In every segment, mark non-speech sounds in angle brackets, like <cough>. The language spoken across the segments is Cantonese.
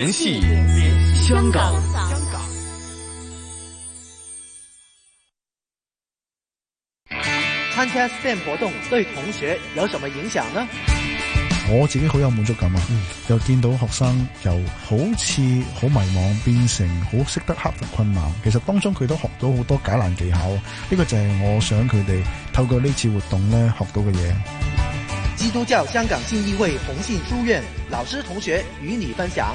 聯繫香港。香港參加 STEM 活動對同學有什麼影響呢？我自己好有滿足感啊，嗯、又見到學生由好似好迷惘變成好識得克服困難，其實當中佢都學到好多解難技巧，呢、呢個就係我想佢哋透過呢次活動咧學到嘅嘢。基督教香港信義會宏信書院老師同學與你分享。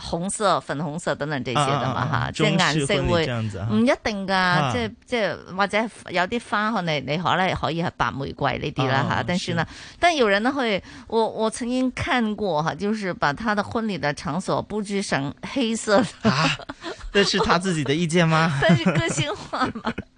紅色、粉紅色等等這些，的嘛吓，即係顏色會唔一定噶，即係即係或者有啲花可能你可能可以係白玫瑰呢啲啦吓，啊、但是呢，是但有人呢會，我我曾經看過吓，就是把他的婚禮的場所布置成黑色的，的、啊、這是他自己的意見嗎？ <laughs> 但是個性化嗎？ <laughs>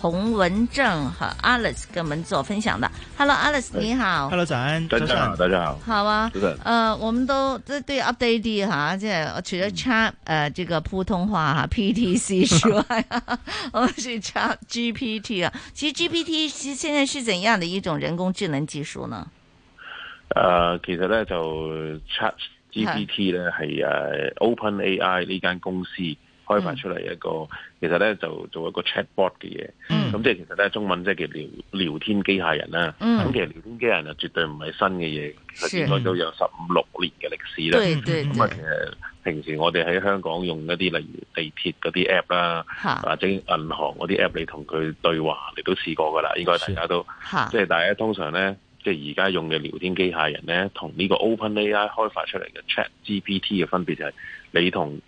洪文正和 Alice 跟我們做分享的，Hello Alice 你好，Hello 早安，早上好，大家好，好啊，上呃，我們都即係 update d 哈，即係我除咗 chat 呃，這個普通話吓，PTC 之外， <laughs> <laughs> 我先 chat GPT 啊，其實 GPT 現在是怎樣的一種人工智能技術呢？呃，其實咧就 chat GPT 咧係誒 Open AI 呢間公司。開發出嚟一個，嗯、其實咧就做一個 chatbot 嘅嘢，咁、嗯、即係其實咧中文即係叫聊聊天機械人啦、啊。咁、嗯、其實聊天機械人啊，絕對唔係新嘅嘢，是應該都有十五六年嘅歷史啦。咁啊，其實平時我哋喺香港用一啲例如地鐵嗰啲 app 啦，是或者銀行嗰啲 app，你同佢對話，你都試過噶啦，應該大家都，即係大家通常咧，即係而家用嘅聊天機械人咧，同呢個 OpenAI 開發出嚟嘅 ChatGPT 嘅分別就係你同。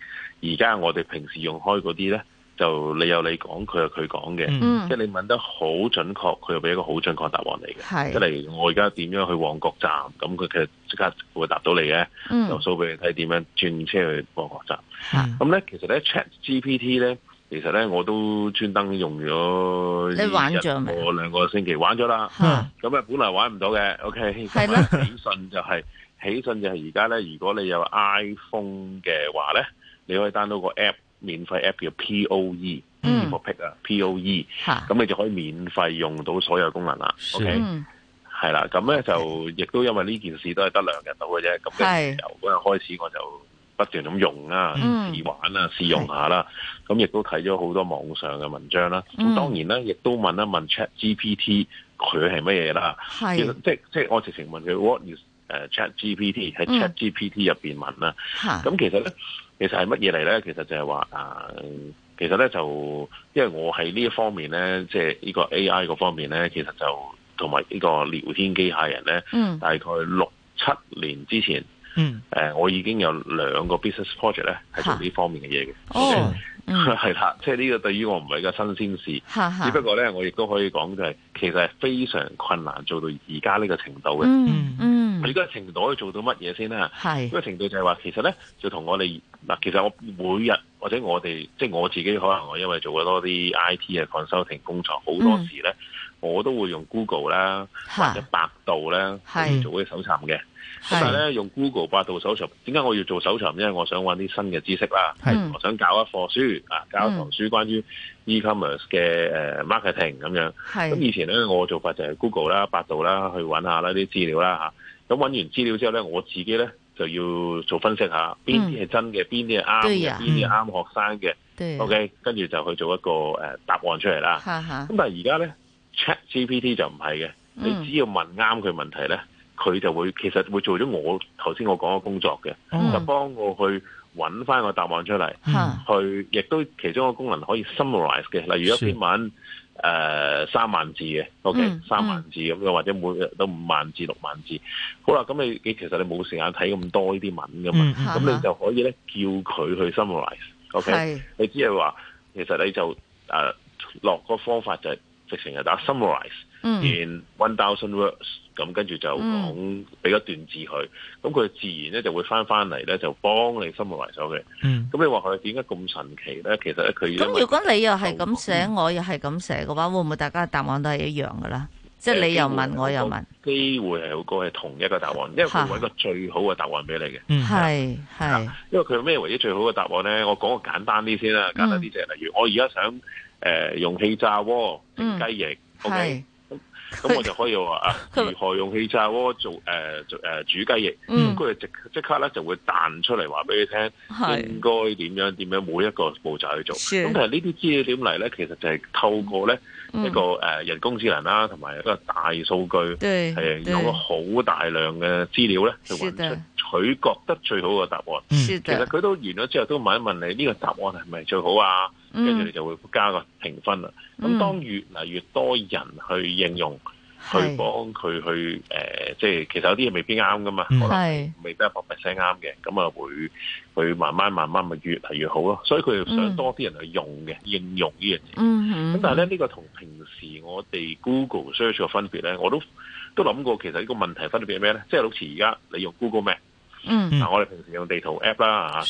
而家我哋平時用開嗰啲咧，就你有你講，佢有佢講嘅，即係你問得好準確，佢又俾一個好準確答案嚟嘅。即係例如我而家點樣去旺角站，咁佢其實即刻會答到你嘅，就數俾你睇點樣轉車去旺角站。咁咧其實咧 ChatGPT 咧，其實咧我都專登用咗一兩個星期玩咗啦。咁啊本來玩唔到嘅，OK 起信就係起信就係而家咧，如果你有 iPhone 嘅話咧。你可以 download 個 app，免費 app 叫 P.O.E. 嗯 pick 啊，P.O.E. 咁你就可以免費用到所有功能啦。OK，係啦，咁咧就亦都因為呢件事都係得兩日到嘅啫，咁由嗰日開始我就不斷咁用啊，試玩啊，試用下啦。咁亦都睇咗好多網上嘅文章啦。咁當然啦，亦都問一問 Chat GPT 佢係乜嘢啦。係，即即我直情問佢 What is 誒 ChatGPT 喺 ChatGPT 入面問啦，咁、嗯、其實咧，其實係乜嘢嚟咧？其實就係話啊，其實咧就因為我喺呢一方面咧，即係呢個 AI 嗰方面咧，其實就同埋呢個聊天機械人咧，嗯、大概六七年之前，嗯呃、我已經有兩個 business project 咧係做呢方面嘅嘢嘅。係啦，即係呢個對於我唔係一個新鮮事，只是不過咧我亦都可以講就係，其實係非常困難做到而家呢個程度嘅，嗯。嗯嗯，而家程度可以做到乜嘢先啦？係呢是個程度就係話，其實咧就同我哋嗱，其實我每日或者我哋即係我自己，可能我因為做咗多啲 I T 嘅 consulting 工作，好多時咧，嗯、我都會用 Google 啦或者百度啦是去做啲搜尋嘅。咁是但係咧用 Google 百度搜尋，點解我要做搜尋？因為我想揾啲新嘅知識啦，是嗯、我想搞一課書啊，搞一堂書關於 e-commerce 嘅誒、uh, marketing 咁樣。咁是以前咧我做法就係 Google 啦、百度啦去揾下啦啲資料啦吓。咁、啊、揾完資料之後咧，我自己咧就要做分析下邊啲係真嘅，邊啲係啱嘅，邊啲啱學生嘅。嗯、OK，跟住就去做一個誒、uh, 答案出嚟啦。咁哈但係而家咧 ChatGPT 就唔係嘅，你只要問啱佢問題咧。佢就會其實會做咗我頭先我講嘅工作嘅，嗯、就幫我去揾翻個答案出嚟，嗯、去亦都其中一個功能可以 summarize 嘅，例如一篇文誒三是、呃、萬字嘅，OK 三、嗯、萬字咁又、嗯、或者每日都五萬字六萬字，好啦，咁你其實你冇時間睇咁多呢啲文噶嘛，咁、嗯、你就可以咧叫佢去、okay? summarize OK 你只係話其實你就誒、呃、落個方法就係、直成係打 summarize in one thousand words。咁跟住就講俾一段字佢，咁佢自然咧就會翻翻嚟咧，就幫你生活埋所嘅。咁你話佢點解咁神奇咧？其實佢咁如果你又係咁寫，我又係咁寫嘅話，會唔會大家答案都係一樣㗎啦？即係你又問，我又問，機會係好高嘅同一個答案，因為佢揾個最好嘅答案俾你嘅。係係，因為佢咩唯一最好嘅答案咧？我講個簡單啲先啦，簡單啲就係例如，我而家想誒用氣炸鍋整雞翼，OK？咁、嗯、我就可以話啊， <laughs> 吧如何用氣炸鍋做誒誒、呃呃、煮雞翼？咁佢哋即即刻咧就會彈出嚟話俾你聽，應該點樣點樣每一個步驟去做。咁是但係呢啲資料點嚟咧？其實就係透過咧一個誒人工智能啦，同埋、嗯、一個大數據，係有個好大量嘅資料咧，去揾出。佢覺得最好嘅答案，的其實佢都完咗之後都問一問你呢個答案係咪最好啊？跟住、嗯、你就會加個評分啦。咁、嗯、當越嚟越多人去應用，嗯、去幫佢去誒，即、呃、係其實有啲嘢未必啱噶嘛，的可能未必一百 percent 啱嘅。咁啊的會會慢慢慢慢咪越嚟越好咯、啊。所以佢想多啲人去用嘅、嗯、應用、嗯嗯、呢樣嘢。咁但係咧呢個同平時我哋 Google Search 嘅分別咧，我都都諗過其實呢個問題分別係咩咧？即係好似而家你用 Google Map。嗯，嗱，我哋平時用地圖 app 啦，啊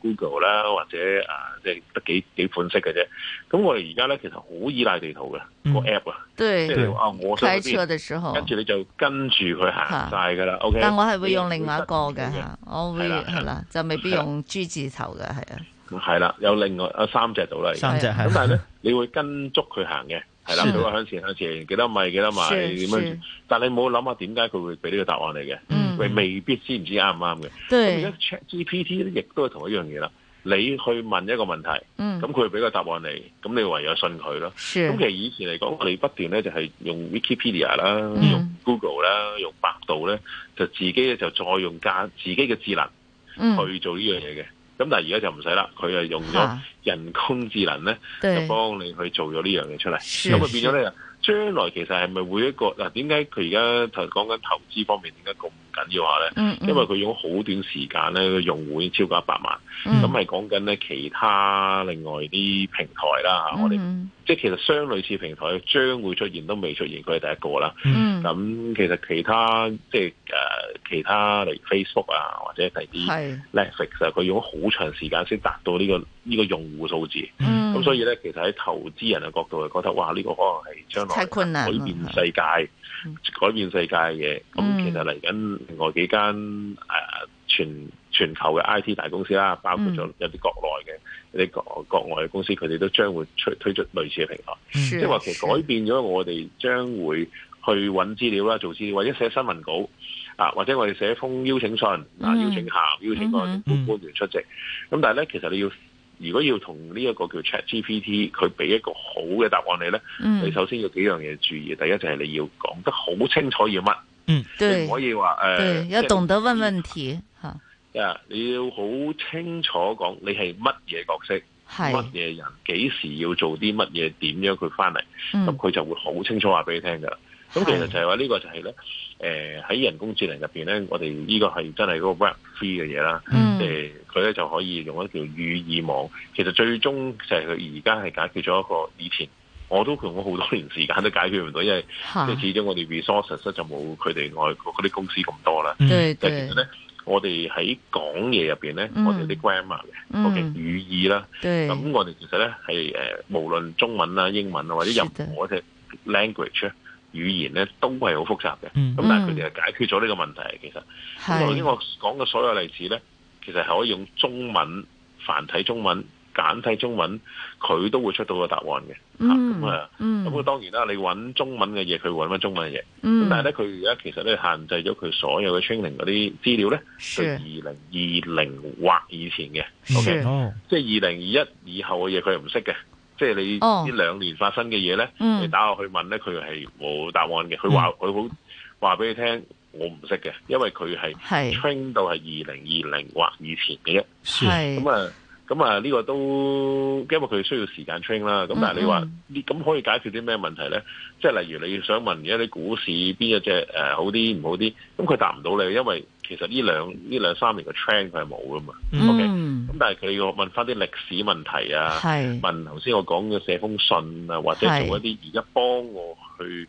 ，Google 啦，或者啊，即係得幾幾款式嘅啫。咁我哋而家咧，其實好依賴地圖嘅個 app 啊，即係啊，我開車嘅時候，跟住你就跟住佢行晒係噶啦。O K，但我係會用另外一個嘅，我會係啦，就未必用 G 字頭嘅係啊。係啦，有另外三隻到啦，三隻係。咁但係咧，你會跟足佢行嘅，係啦，佢話向前，向前幾多米，幾多米，點樣？但係你冇諗下點解佢會俾呢個答案嚟嘅。佢未必知唔知啱唔啱嘅，咁而家 ChatGPT 咧，亦都係同一樣嘢啦。你去問一個問題，咁佢俾個答案你，咁你唯有信佢咯。咁是其實以前嚟講，我哋不斷咧就係用 Wikipedia 啦、嗯，用 Google 啦，用百度咧，就自己咧就再用加自己嘅智能去做呢樣嘢嘅。咁、嗯、但係而家就唔使啦，佢係用咗人工智能咧，啊、就幫你去做咗呢是樣嘢出嚟，咁佢變咗呢將來其實係咪會一個嗱？點解佢而家就係講緊投資方面點解咁緊要話？咧、嗯，嗯、因為佢用好短時間咧，個用戶已經超過一百萬，咁係講緊咧其他另外啲平台啦吓，嗯、我哋。即係其實相類似平台將會出現都未出現，佢係第一個啦。咁、嗯、其實其他即係誒、呃、其他例如 Facebook 啊，或者係啲 Netflix，佢用咗好長時間先達到呢、呢個呢、呢個用戶數字。咁、嗯、所以咧，其實喺投資人嘅角度，就覺得哇，呢、呢個可能係將來改變世界、改變世界嘅。咁、嗯、其實嚟緊另外幾間誒、呃、全。全球嘅 I T 大公司啦，包括咗有啲國內嘅、啲、嗯、國外嘅公司，佢哋都將會推推出類似嘅平台，啊啊、即係話其實改變咗我哋將會去揾資料啦、做資料或者寫新聞稿啊，或者我哋寫封邀請信啊，邀請下邀請個政、嗯、官員出席。咁、嗯、但係咧，其實你要如果要同呢一個叫 Chat GPT，佢俾一個好嘅答案你咧，嗯、你首先要幾樣嘢注意。第一就係你要講得好清楚要乜。嗯，對，可以話誒，要、呃、懂得問問題吓啊！Yeah, 你要好清楚講，你係乜嘢角色，乜嘢是人，幾時要做啲乜嘢，點樣佢翻嚟，咁佢、嗯、就會好清楚話俾你聽噶。咁其實就係話呢個就係、是、咧，誒、呃、喺人工智能入邊咧，我哋呢個係真係嗰個 rap free 嘅嘢啦。誒、嗯，佢咧、呃、就可以用一條語義網，其實最終就係佢而家係解決咗一個以前我都用過好多年時間都解決唔到，因為即係始終我哋 resources 就冇佢哋外國嗰啲公司咁多啦。嗯、但係其實咧。我哋喺講嘢入邊咧，嗯、我哋啲 grammar，嘅語義啦，咁、嗯、我哋其實咧係誒，無論中文啊、英文啊或者任何嘅 language 啊語言咧，都係好複雜嘅。咁、嗯、但係佢哋係解決咗呢個問題。其實頭先是我講嘅所有例子咧，其實係可以用中文繁體中文，簡體中文，佢都會出到個答案嘅，咁啊！咁當然啦，你揾中文嘅嘢，佢會揾翻中文嘅嘢。咁但係咧，佢而家其實咧限制咗佢所有嘅 training 嗰啲資料咧，係二零二零或以前嘅。O.K.，即係二零二一以後嘅嘢，佢又唔識嘅。即係你呢兩年發生嘅嘢咧，你打落去問咧，佢係冇答案嘅。佢話佢好話俾你聽，我唔識嘅，因為佢係 train 到係二零二零或以前嘅啫。咁啊。咁啊，呢個都因為佢需要時間 train 啦。咁但係你話，咁可以解決啲咩問題咧？即係例如你要想問而家啲股市邊一隻誒、呃、好啲唔好啲，咁、嗯、佢答唔到你，因為其實呢兩呢兩三年嘅 train 佢係冇噶嘛。O K、嗯。咁、okay, 但係佢要問翻啲歷史問題啊，是問頭先我講嘅寫封信啊，或者做一啲是而家幫我去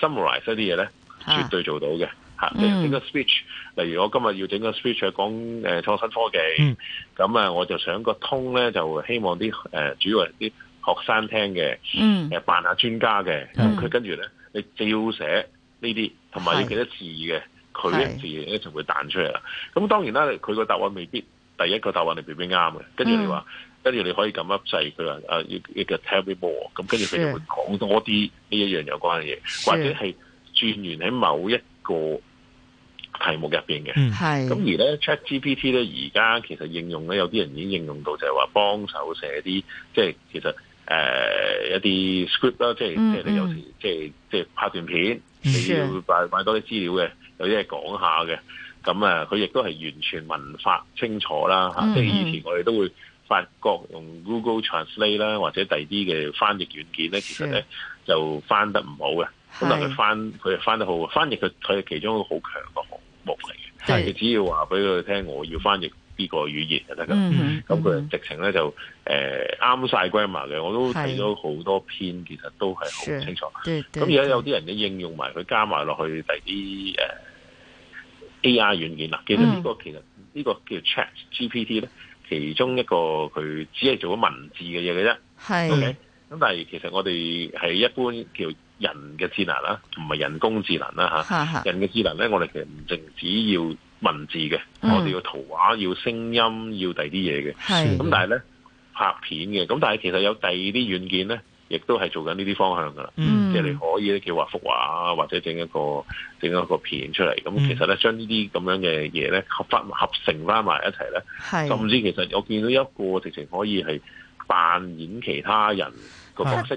summarize 一啲嘢咧，絕對做到嘅。啊你整個 speech，例如我今日要整個 speech 嚟講、呃、創新科技，咁啊、嗯、我就想個 tone 咧就希望啲、呃、主要係啲學生聽嘅，誒、嗯呃、扮下專家嘅，咁佢、嗯、跟住咧你照寫有有是呢啲，同埋要幾多字嘅，佢啲字一就會彈出嚟啦。咁是當然啦，佢個答案未必第一個答案你未必啱嘅，跟住你話，嗯、跟住你可以撳粒掣，佢話誒一個 tell me more 咁跟住佢就會講多啲呢一樣有關嘅嘢，是是或者係轉完喺某一個題目入邊嘅，咁、嗯嗯、而咧 Chat GPT 咧而家其實應用咧有啲人已經應用到就係話幫手寫啲即係其實誒一啲、就是呃、script 啦，嗯、即係即你有時、嗯、即係即係拍段片，的你要擺擺多啲資料嘅，有啲係講下嘅，咁啊佢亦都係完全文法清楚啦、嗯啊、即係以前我哋都會發覺用 Google Translate 啦或者第二啲嘅翻譯軟件咧，的其實咧就翻得唔好嘅，咁的但佢翻佢翻得好，翻譯佢佢係其中一個好強嘅行。目嚟嘅，但係佢只要話俾佢聽，我要翻譯呢個語言就得噶，咁佢、嗯、哼直情咧就誒啱晒 grammar 嘅，我都睇咗好多篇，是其實都係好清楚。咁而家有啲人咧應用埋佢加埋落去第啲誒 A R 軟件啦，其實呢、這個、嗯、其實呢個叫 Chat GPT 咧，其中一個佢只係做咗文字嘅嘢嘅啫。係是，OK 咁但係其實我哋係一般叫人嘅智能啦，唔係人工智能啦嚇。人嘅智能咧，我哋其實唔淨止要文字嘅，嗯、我哋要圖畫、要聲音、要第啲嘢嘅。係咁是，但係咧拍片嘅，咁但係其實有第二啲軟件咧，亦都係做緊呢啲方向噶啦。嗯，即係你可以咧，叫畫幅畫或者整一個整一個片出嚟。咁其實咧，將呢啲咁樣嘅嘢咧，合合成翻埋一齊咧，甚至是其實我見到一個直情可以係扮演其他人個角色。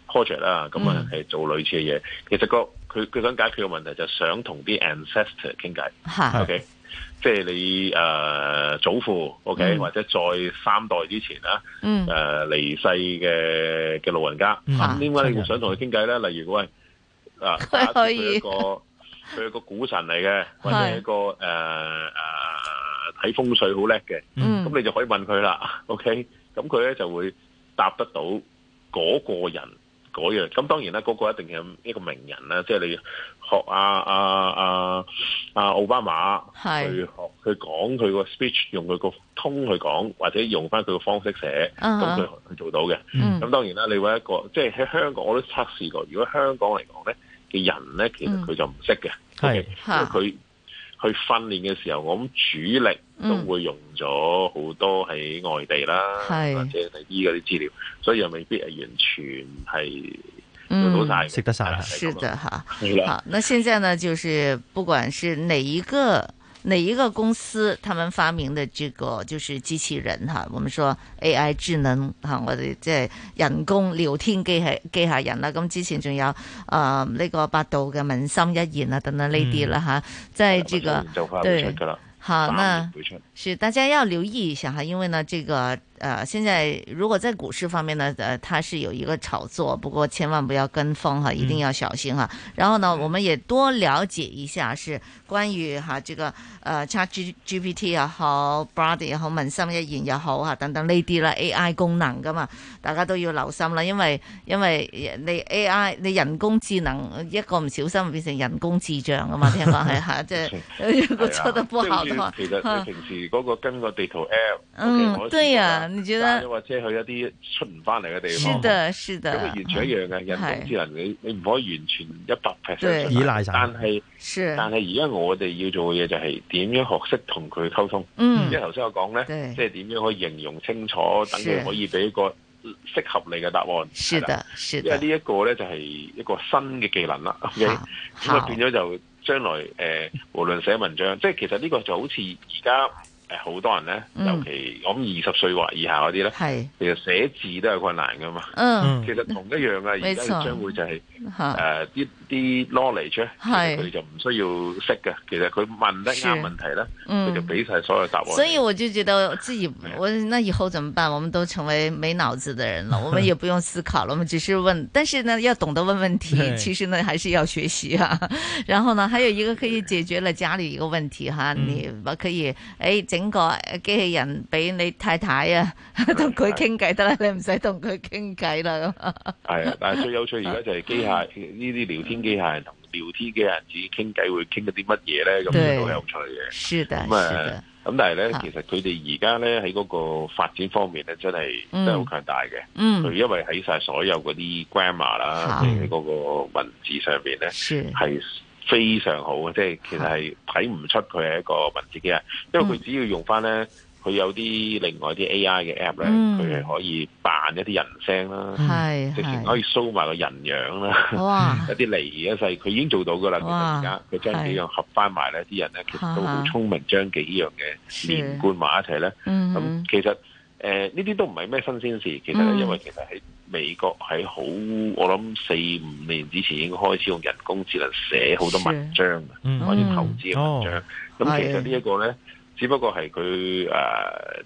project 啦，咁啊係做類似嘅嘢。其實個佢佢想解決嘅問題就係想同啲 ancestor 傾偈。O K，即係你誒祖父，O K，或者再三代之前啦，誒離世嘅嘅老人家，咁點解你會想同佢傾偈咧？例如喂，啊，佢係個佢係個股神嚟嘅，或者係一個誒誒睇風水好叻嘅，咁你就可以問佢啦。O K，咁佢咧就會答得到嗰個人。嗰樣，咁當然啦，嗰、嗰個一定係一個名人啦，即係你學阿阿阿阿奧巴馬是去學去講佢個 speech，用佢個 tone 去講，或者用翻佢個方式寫，咁佢能做到嘅。咁、mm. 當然啦，你揾一個，即係喺香港我都測試過，如果香港嚟講咧嘅人咧，其實佢就唔識嘅，因為佢。去訓練嘅時候，我諗主力都會用咗好多喺外地啦，嗯、或者係醫嗰啲資料，所以又未必係完全係做到晒。識、嗯、得曬係。是的哈，好，的好，那現在呢，就是不管是哪一個。哪一個公司他們發明的這個就是機器人哈、啊？我們說 A.I. 智能哈，或者即係人工聊天機械機械人啦。咁之前仲有誒、呃、呢個百度嘅文心一言啊等等呢啲啦吓，即係這個對吓啦。是大家要留意一下哈，因為呢，這個，呃，現在如果在股市方面呢，呃，它是有一個炒作，不過千萬不要跟風哈，一定要小心哈。嗯、然後呢，嗯、我們也多了解一下，是關於哈、啊，這個，呃，Chat G P T 又好，Bard 也好，文心一言又好，吓、啊，等等呢啲啦，A I 功能噶嘛，大家都要留心啦，因為因為你 A I 你人工智能一個唔小心變成人工智障噶嘛，聽講係吓，即係如果做得不好的話。哎嗰個跟個地圖 app 你覺得，或者去一啲出唔翻嚟嘅地方，是的，是的。咁啊，完全一樣嘅人工智能，你你唔可以完全一百 percent，依賴曬。但係，是，但係而家我哋要做嘅嘢就係點樣學識同佢溝通。嗯，因為頭先我講咧，即係點樣可以形容清楚，等佢可以俾個適合你嘅答案。是的，是的。因為呢一個咧就係一個新嘅技能啦。O.K. 咁啊變咗就將來誒，無論寫文章，即係其實呢個就好似而家。誒，好多人咧，尤其我諗二十歲或以下嗰啲咧，嗯、其實寫字都有困難噶嘛。嗯，其實同一樣啊，而家將會就係誒啲。呃啲 knowledge，佢就唔需要識嘅。是其實佢問得啱問題啦，佢、嗯、就俾晒所有答案。所以我就覺得自己，嗯、我那以後怎麼辦？我們都成為沒腦子的人了。我們也不用思考了， <laughs> 我們只是問。但是呢，要懂得問問題，其實呢，還是要學習啊。 <laughs> 然後呢，還有一個可以解決了家裏一個問題哈，是你唔可以，誒、嗯哎、整個機器人俾你太太啊，同佢傾偈得啦，嗯、你唔使同佢傾偈啦。係 <laughs> 啊，但係最有趣而家就係機械呢啲聊天。機械人同聊天嘅人自己天，器人傾偈會傾一啲乜嘢咧？咁都好有趣嘅。是的，咁但係咧，啊、其實佢哋而家咧喺嗰個發展方面咧，真係真係好強大嘅、嗯。嗯，佢因為喺晒所有嗰啲 grammar 啦，喺嗰的個文字上邊咧，係的非常好嘅。即、就、係、是、其實係睇唔出佢係一個文字機人，因為佢只要用翻咧。佢有啲另外啲 A. I. 嘅 app 咧，佢係可以扮一啲人聲啦，係直情可以 show 埋嗰人樣啦，哇！一啲嚟一世，佢已經做到噶啦。而家佢將幾樣合翻埋咧，啲人咧其實都好聰明，將幾樣嘅連貫埋一齊咧。咁其實誒呢啲都唔係咩新鮮事。其實因為其實喺美國喺好，我諗四五年之前已經開始用人工智能寫好多文章可以投資嘅文章。咁其實呢一個咧。只不過係佢誒，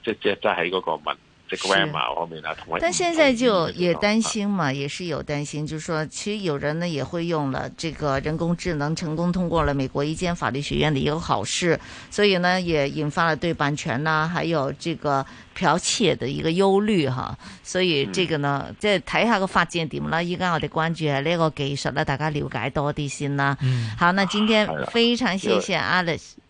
即係即係喺嗰個文即係外貌方面啦。但現在就也擔心嘛，啊、也是有擔心，就是、說其實有人呢也會用了這個人工智能成功通過了美國一間法律學院的一個考試，嗯、所以呢也引發了對版權啦、啊，還有這個剽竊的一個憂慮哈、啊。所以這個呢，即係睇下個發展點啦。依家我哋關注下呢個技術啦，大家了解多啲先啦。嗯、好，那今天非常謝謝 Alex、啊。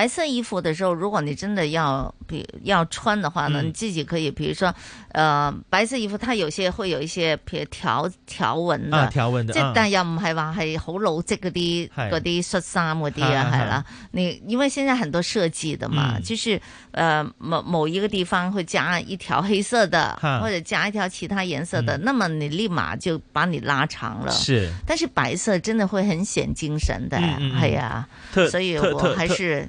白色衣服的時候，如果你真的要比要穿的話呢，你自己可以，比如說，呃，白色衣服它有些會有一些譬如，條條紋的，條紋的，嗯，但要唔係話係好老積，嗰啲嗰啲恤衫啲啊，係啦，你因為現在很多設計的嘛，就是呃，某某一個地方會加一條黑色的，或者加一條其他顏色的，那麼你立馬就把你拉長了，是，但是白色真的會很顯精神的呀，哎呀，所以我還是。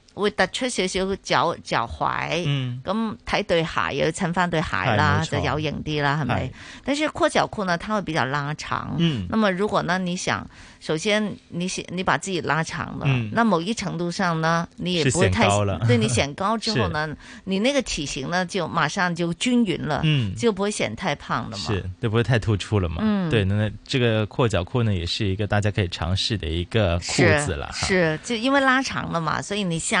會突出少少腳腳踝，嗯。咁睇對鞋又要襯翻對鞋啦，就有型啲啦，係咪？但是闊腳褲呢，它會比較拉長。嗯，那麼如果呢，你想，首先你顯你把自己拉長了，嗯，那某一程度上呢，你也不會太，高了對你顯高之後呢，是你那個體型呢就馬上就均勻了，嗯，就不會顯太胖了嘛，是，就不會太突出了嘛。嗯，對，那這個闊腳褲呢，也是一個大家可以嘗試的一個褲子啦，是，就因為拉長了嘛，所以你想。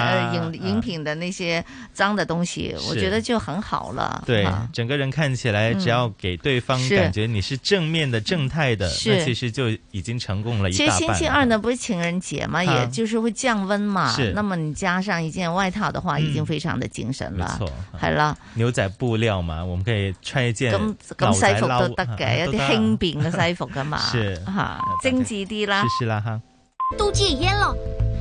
呃，飲飲品的那些髒的東西，我覺得就很好了。對，整個人看起來，只要給對方感覺你是正面的、正態的，其實就已經成功了一大半。其實星期二呢，不是情人節嘛，也就是會降温嘛。是，那麼你加上一件外套的話，已經非常的精神了。沒錯，係啦，牛仔布料嘛，我們可以穿一件。咁咁西服都得嘅，有啲輕便嘅西服噶嘛。是哈，精緻啲啦，係啦哈。都戒煙了。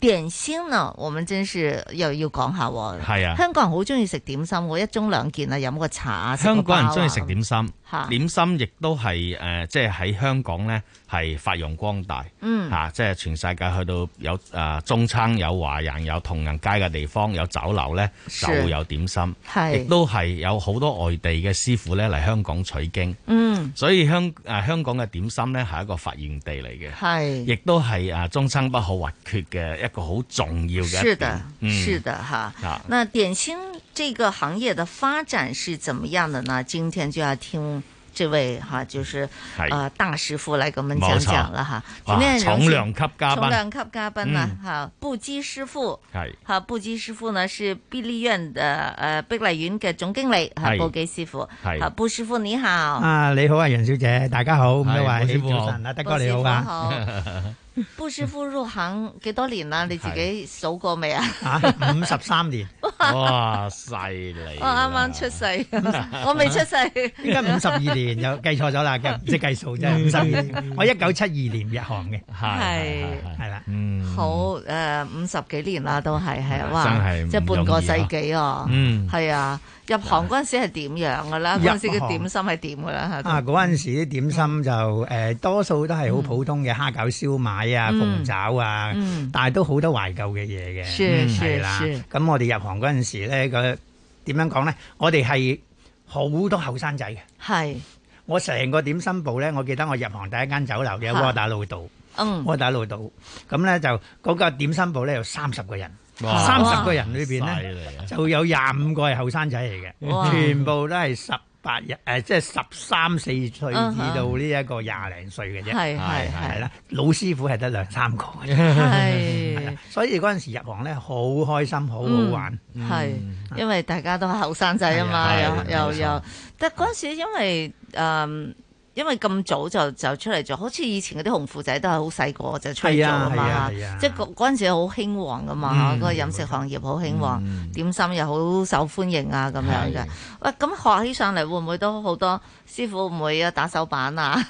點心啊，我們真是又要講下。係啊，香港人好中意食點心，我一盅兩件啊，飲個茶。吃香港人中意食點心，啊、點心亦都係誒，即係喺香港呢，係發揚光大。嗯，吓即係全世界去到有誒、呃、中餐有華人有唐人街嘅地方有酒樓呢，是就會有點心。係是，亦都係有好多外地嘅師傅呢嚟,香港取經。嗯，所以香誒、呃、香港嘅點心呢，係一個發源地嚟嘅，係是，亦都係誒中餐不可或缺嘅一。個好重要嘅，是的，是的，哈。那點心這個行業的發展是怎麼樣的呢？今天就要聽這位哈，就是啊大師傅來跟我們講講啦，哈。重量級嘉賓，重量級嘉賓啦，哈。布基師傅係哈，布基師傅呢是碧麗苑的誒，碧麗苑嘅總經理係布基師傅係。布師傅你好，啊你好啊，楊小姐，大家好，咁多位師傅好，阿德哥你好。布師傅入行幾多年啦？你自己數過未啊？五十三年，哇，犀利！我啱啱出世，我未出世，應該五十二年又計錯咗啦，唔識計數，五十二年。我一九七二年入行嘅，係係啦，好誒，五十幾年啦，都係係哇，真係，即係半個世紀，嗯，係啊。入行嗰陣時係點樣嘅咧？嗰時嘅點心係點嘅咧？啊，嗰陣時啲點心就誒多數都係好普通嘅蝦餃、燒賣啊、鳳爪啊，但係都好多懷舊嘅嘢嘅。係啦，咁我哋入行嗰陣時咧，個點樣講咧？我哋係好多後生仔嘅。係，我成個點心部咧，我記得我入行第一間酒樓嘅窩打老道，窩打老道，咁咧就嗰個點心部咧有三十個人。三十個人裏邊咧，就有廿五個係後生仔嚟嘅，全部都係十八日誒，即係十三四歲至到呢一個廿零歲嘅啫，係係係啦。老師傅係得兩三個嘅，係，所以嗰陣時入行咧好開心，好好玩，係，因為大家都係後生仔啊嘛，又又又，但嗰陣時因為誒。因為咁早就就出嚟做，好似以前嗰啲紅褲仔都係好細個就出嚟做啊嘛，即係嗰嗰陣時好興旺噶嘛，嗰個飲食行業好興旺，點心又好受歡迎啊咁樣嘅。喂，咁學起上嚟會唔會都好多師傅唔會啊打手板啊？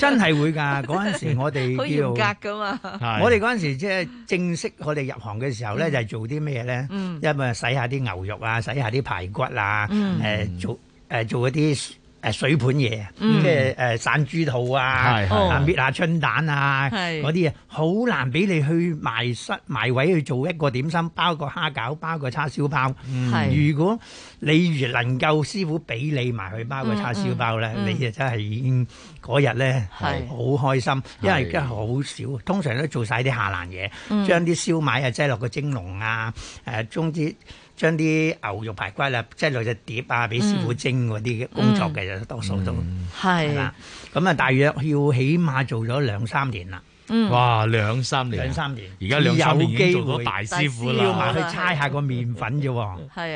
真係會㗎！嗰陣時我哋好嚴格㗎嘛。我哋嗰陣時即係正式我哋入行嘅時候咧，就係做啲咩咧？因為洗下啲牛肉啊，洗下啲排骨啊，誒做誒做一啲。誒水盤嘢，即係誒散豬肚啊，嗯、啊搣下春蛋啊，嗰啲嘢好難俾你去埋室埋位去做一個點心，包個蝦餃，包個叉燒包。嗯、如果你越能夠師傅俾你埋去包個叉燒包咧，嗯嗯、你啊真係已經嗰日咧好開心，因為而家好少，通常都做晒啲下欄嘢，將啲燒賣啊擠落個蒸籠啊，誒總之。將啲牛肉排骨啊，即係攞隻碟啊，俾師傅蒸嗰啲工作嘅，就、嗯、多數都係啦。咁啊，大約要起碼做咗兩三年啦。嗯、哇兩三年，兩三年，而家兩三年已經做咗大師傅啦。要埋去猜下個麵粉啫，係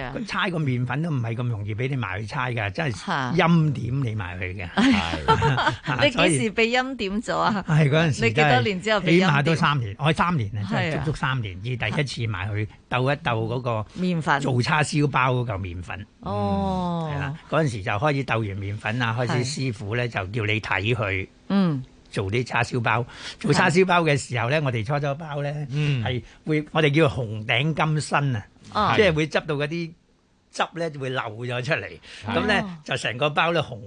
啊、嗯，佢猜個麵粉都唔係咁容易俾你埋去猜㗎，真係陰點是、啊、你埋去嘅。你、 <laughs> 啊、幾時俾陰點咗是啊？係嗰陣時真係幾多年之後，起碼都三年，我係三年啊，真係足足三年，以第一次埋去鬥一鬥嗰個麵粉做叉燒包嗰嚿麵粉。哦、 <laughs> 啊，嗯、啦，嗰時就開始鬥完麵粉啊，開始師傅咧是就叫你睇佢。嗯。做啲叉燒包，做叉燒包嘅時候咧，我哋初初包咧，係、嗯、會我哋叫紅頂金身啊，哦、即係會執到嗰啲汁咧會漏咗出嚟，咁咧、哦、就成個包都紅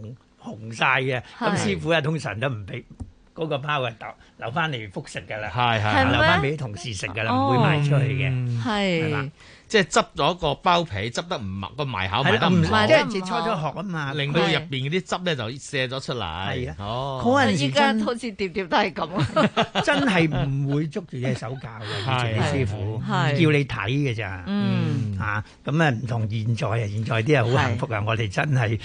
紅晒嘅，咁、哦、師傅啊通常都唔俾嗰個包啊留複食是是是留翻嚟復食嘅啦，係係留翻俾同事食嘅啦，唔、哦、會賣出去嘅，係、嗯。即係執咗個包皮，執得唔密，個埋口，埋得唔埋，因為初咗學啊嘛，令到入邊嗰啲汁咧就卸咗出嚟。係啊，哦，可能依家好似碟碟都係咁啊！真係唔會捉住隻手教嘅，以前嘅師傅叫你睇嘅咋。嗯啊，咁啊唔同現在啊，現在啲人好幸福啊！我哋真係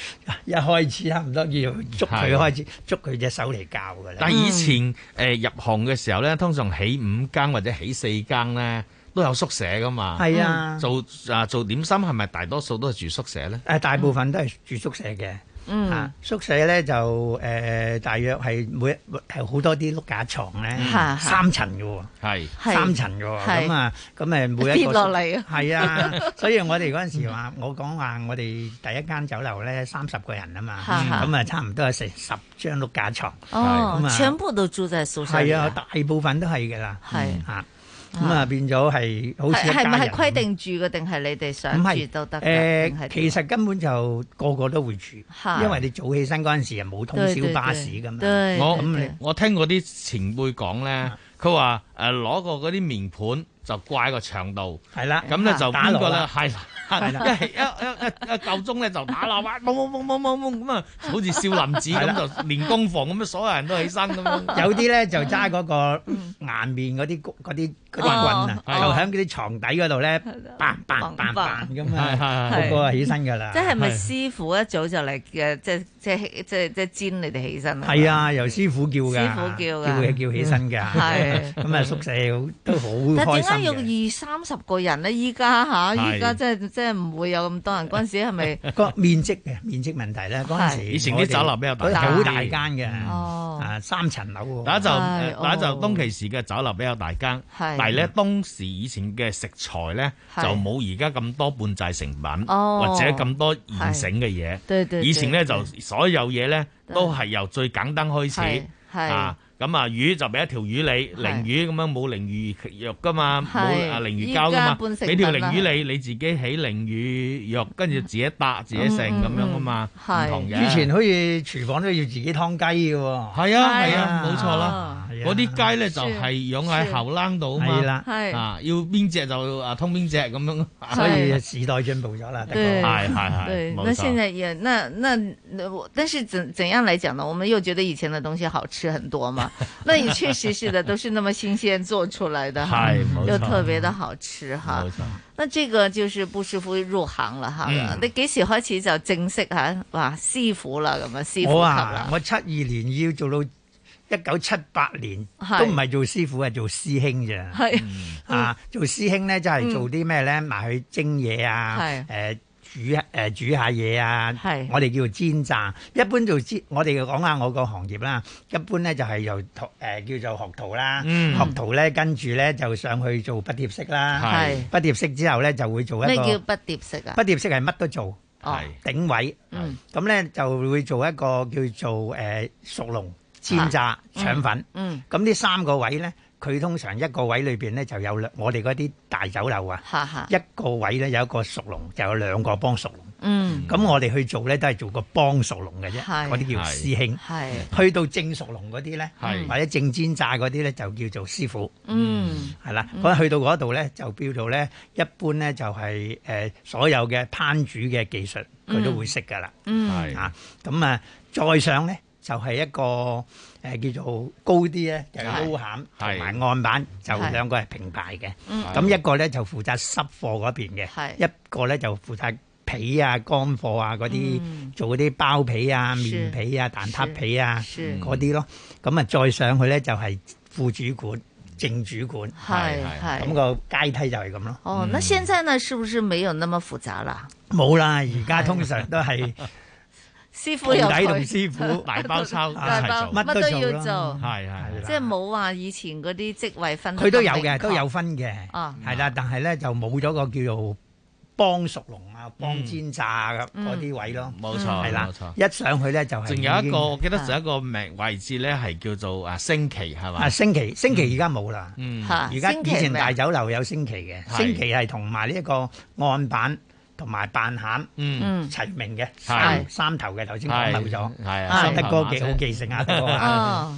一開始差唔多要捉佢開始捉佢隻手嚟教㗎啦。但係以前誒入行嘅時候咧，通常起五更或者起四更咧。都有宿舍噶嘛？係啊，做啊做點心係咪大多數都係住宿舍咧？誒，大部分都係住宿舍嘅。嗯啊，宿舍咧就誒大約係每一係好多啲碌架床咧，三層嘅喎，係三層嘅喎。咁啊咁啊，每一個落嚟。啊？係啊，所以我哋嗰陣時話，我講話我哋第一間酒樓咧三十個人啊嘛，咁啊差唔多有成十張碌架床。哦，全部都住在宿舍。係啊，大部分都係嘅啦。係啊。咁啊，變咗係好似一家人。係咪係規定住嘅，定係你哋想住都得？其實根本就個個都會住，因為你早起身嗰陣時冇通宵巴士噶。對，對，對，對，對，對，對。我咁，我聽嗰啲前輩講咧，佢話攞個嗰啲麵盤就掛個牆度。係啦，咁咧就打。個咧？係。 <laughs> 一一一一夠鐘咧就打啦哇，嗡嗡嗡嗡嗡咁啊，好似少林寺咁就練功房咁，所有人都起身咁 <laughs> 有啲咧就揸嗰個顏麵嗰啲嗰啲棍啊，又喺啲床底嗰度咧，棒棒棒棒咁啊，嗰個起身㗎啦。即係咪師傅一早就嚟嘅？即係。即係即係即係煎你哋起身啊！係啊，由師傅叫㗎，師傅叫㗎，叫起叫起身㗎。係咁啊，宿舍都好。但係點解要二三十個人咧？依家吓，依家即係即係唔會有咁多人。嗰陣時係咪？個面積嘅面積問題咧。嗰陣時以前啲酒樓比較大，好大間嘅。哦，三層樓喎。嗱就嗱就當其時嘅酒樓比較大間，但係咧當時以前嘅食材咧就冇而家咁多半製成品，或者咁多現成嘅嘢。對對。以前咧就所有嘢咧都係由最簡單開始，啊咁啊魚就俾一條魚你鯪是魚咁樣，冇鯪魚肉噶嘛，冇鯪是魚膠噶嘛，俾條鯪魚你，你自己起鯪魚肉，跟住自己打自己食咁樣噶、嗯嗯、嘛，唔是同嘅。以前好似廚房都要自己劏雞嘅喎，係啊係啊，冇、啊啊、錯啦。哦。嗰啲雞咧就係養喺後欄度啊嘛，啊要邊隻就啊通邊隻咁樣，所以時代進步咗啦，係係係。對，那現在也，那那我，但是怎怎樣嚟講呢？我們又覺得以前嘅東西好吃很多嘛。那也確實是的，都是那麼新鮮做出來的，係又特別的好吃哈。冇錯，那這個就是布師傅入行了哈。你幾時開始就正式嚇，哇，師傅啦咁啊，師傅級啦。我七二年要做到。一九七八年都唔係做師傅啊，做師兄啫。係啊，做師兄咧就係做啲咩咧？埋去蒸嘢啊，誒煮誒煮下嘢啊。係我哋叫煎炸。一般做煎，我哋講下我個行業啦。一般咧就係由誒叫做學徒啦，學徒咧跟住咧就上去做筆貼式啦。係筆貼式之後咧就會做一個咩叫筆貼式啊？筆貼式係乜都做，係頂位。嗯，咁咧就會做一個叫做誒熟籠。煎炸、腸粉，咁呢三個位咧，佢通常一個位裏邊咧就有兩，我哋嗰啲大酒樓啊，一個位咧有一個熟龍，就有兩個幫熟龍。嗯，咁我哋去做咧都係做個幫熟龍嘅啫，嗰啲叫師兄。係，去到正熟龍嗰啲咧，或者正煎炸嗰啲咧就叫做師傅。嗯，係啦，佢去到嗰度咧就叫做咧，一般咧就係誒所有嘅攤主嘅技術佢都會識㗎喇。嗯，係啊，咁啊再上咧。就係一個誒叫做高啲咧，就係高餡同埋案板，就兩個係平排嘅。咁一個咧就負責濕貨嗰邊嘅，一個咧就負責皮啊乾貨啊嗰啲，做嗰啲包皮啊麵皮啊蛋撻皮啊嗰啲咯。咁啊再上去咧就係副主管、正主管，係係咁個階梯就係咁咯。哦，那現在呢，是不是沒有那麼複雜啦？冇啦，而家通常都係。師傅同大包收，乜乜都要做，係係，即係冇話以前嗰啲職位分。佢都有嘅，都有分嘅，係啦。但係咧就冇咗個叫做幫熟龍啊、幫煎炸咁嗰啲位咯。冇錯，係啦。一上去咧就係。仲有一個，我記得仲有一個名位置咧係叫做啊升旗係嘛？啊升旗，升旗而家冇啦。嗯，而家以前大酒樓有升旗嘅，升旗係同埋呢一個案板。同埋扮餡，嗯，齊名嘅，三三頭嘅，頭先講漏咗，啊，德哥幾好記性啊，德哥啊，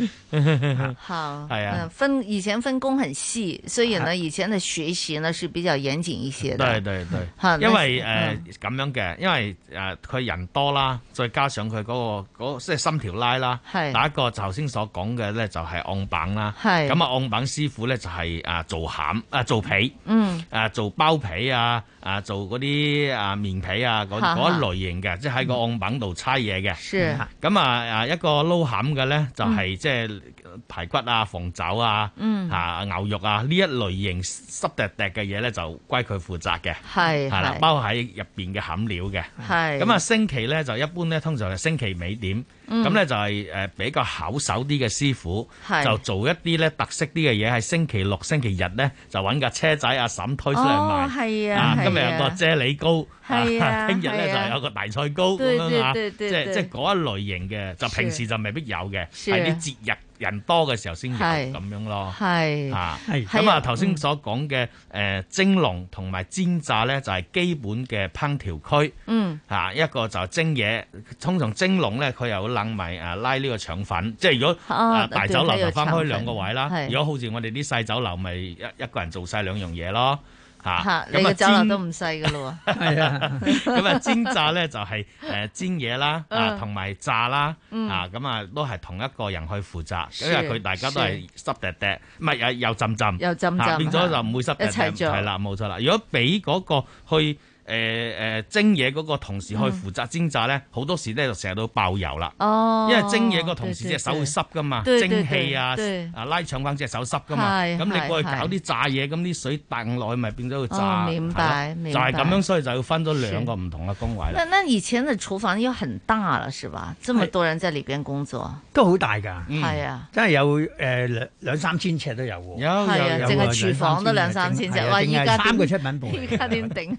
係啊，分以前分工很細，所以咧以前嘅學習呢是比較嚴謹一些嘅，對對對，因為誒咁樣嘅，因為誒佢人多啦，再加上佢嗰即係三條拉啦，係，第一個頭先所講嘅咧就係案板啦，係，咁啊案板師傅咧就係啊做餡啊做皮，嗯，啊做包皮啊啊做嗰啲。啊，面皮啊，嗰嗰一類型嘅，哈哈即係喺個案板度猜嘢嘅。咁啊啊，嗯、一個撈餡嘅咧，就係即係排骨啊、鳳爪啊、吓、嗯啊、牛肉啊呢一類型濕滴滴嘅嘢咧，就歸佢負責嘅。係。係啦，包括喺入邊嘅餡料嘅。係是。咁啊，星期咧就一般咧，通常係星期尾點。咁咧、嗯、就係比較巧手啲嘅師傅，是就做一啲咧特色啲嘅嘢，喺星期六、星期日咧就揾架車仔阿嬸推出嚟賣。哦、啊，啊啊今日有個啫喱糕，聽日咧就有個大菜糕咁樣啊，即係即係嗰一類型嘅，就平時就未必有嘅，係啲節日。的的人多嘅時候先咁是樣咯，嚇是，咁啊頭先是所講嘅、呃、蒸籠同埋煎炸咧，就係、是、基本嘅烹調區，嚇、嗯啊、一個就蒸嘢，通常蒸籠咧佢又會連埋啊拉呢個腸粉，即係如果、啊啊、大酒樓就分開兩個位啦，啊、如果好似我哋啲細酒樓咪一一個人做晒兩樣嘢咯。吓，你個酒樓都唔細噶咯喎。係啊，咁啊煎炸咧就係誒煎嘢啦，啊同埋炸啦，啊咁啊都係同一個人去負責，因為佢大家都係濕嗒嗒，唔係又又浸浸，又浸浸，變咗就唔會濕嗒嗒，係啦冇錯啦，如果俾嗰個去。誒誒，蒸嘢嗰個同事去負責煎炸咧，好多時咧就成日都爆油啦。哦，因為蒸嘢個同事隻手會濕噶嘛，蒸氣啊，啊拉腸翻隻手濕噶嘛。咁你過去搞啲炸嘢，咁啲水掟落去咪變咗個炸。明白明白。就係咁樣，所以就要分咗兩個唔同嘅工位。那以前嘅廚房又很大啦，是吧？這麼多人在裏邊工作，都好大噶。係啊，真係有誒兩兩三千尺都有。有係啊，淨係廚房都兩三千尺。依家三個出品部，依家點頂？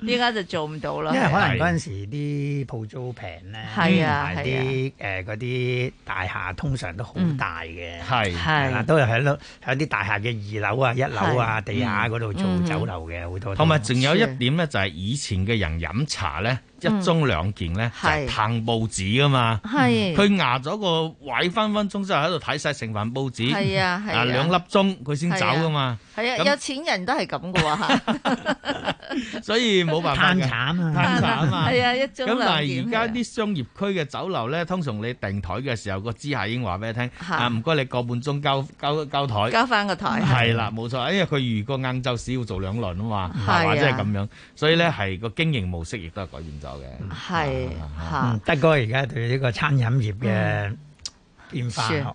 依家就做唔到啦，因為可能嗰陣時啲鋪租平咧，係啊，係啊，啲誒嗰啲大廈通常都好大嘅，係係啦，都係喺度喺啲大廈嘅二樓啊、一樓啊、地下嗰度做酒樓嘅好多，同埋仲有一點咧，就係以前嘅人飲茶咧，一盅兩件咧就嘆報紙噶嘛，係，佢挨咗個位分分鐘之後喺度睇晒成份報紙，係啊，係啊兩粒鐘佢先走噶嘛。係啊，有錢人都係咁噶喎，吓，所以冇辦法嘅。嘆慘啊！嘆慘啊！係啊，一盅兩件。咁但係而家啲商業區嘅酒樓咧，通常你訂台嘅時候，個諮客已經話俾你聽啊，唔該你個半鐘交交交台，交翻個台。係啦，冇錯，因為佢如果晏晝時要做兩輪啊嘛，係嘛，即係咁樣，所以咧係個經營模式亦都係改變咗嘅。係，德哥而家對呢個餐飲業嘅變化。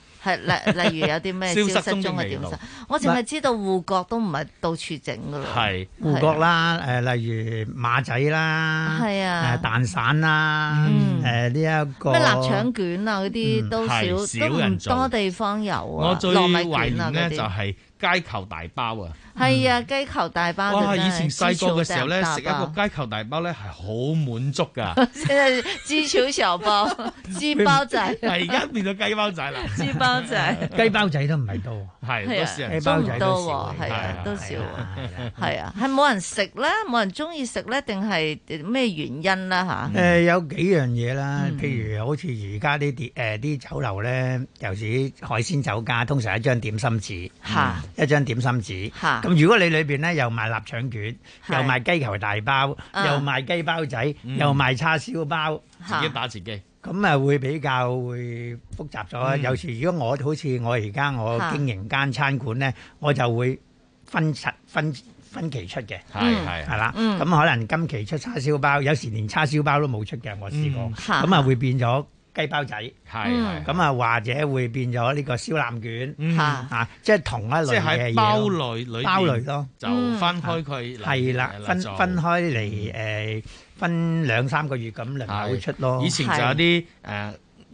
係例 <laughs> 例如有啲咩 <laughs> 消失中嘅點心， <laughs> 我淨係知道芋角都唔係到處整㗎咯。係芋是、啊、角啦、呃，例如馬仔啦，係啊，蛋散、呃、啦，呢一、嗯呃這個咩臘腸卷啊嗰啲、嗯、都少小，人都唔多地方有啊。我最懷念咧糯米卷啊就係、是。雞球大包啊！係啊，雞球大包。哇！以前細個嘅時候咧，食一個雞球大包咧、嗯，係好滿足噶 <laughs> 知巧小包， <laughs> 豬包仔。而家變咗雞包仔啦。雞包仔，雞 <laughs> 包仔都唔係多，係、啊、都少人，雞包仔都唔多喎、啊啊，啊，都少、嗯。係啊，係冇人食咧，冇人中意食咧，定係咩原因啦？吓？誒，有幾樣嘢啦，譬如，好似而家啲啲誒啲酒樓咧，尤其是海鮮酒家，通常一張點心紙。吓、嗯！一張點心紙，咁如果你裏邊咧又賣臘腸卷，又賣雞球大包，又賣雞包仔，又賣叉燒包，自己打自己，咁啊會比較會複雜咗。有時如果我好似我而家我經營間餐館咧，我就會分七分分期出嘅，係係係啦。咁可能今期出叉燒包，有時連叉燒包都冇出嘅，我試過，咁啊會變咗。雞包仔係，咁啊或者會變咗呢個燒腩卷吓，即係同一類嘅嘢。包類裏包類咯，就分開佢係啦，分分開嚟誒，分兩三個月咁輪流出咯。以前就有啲誒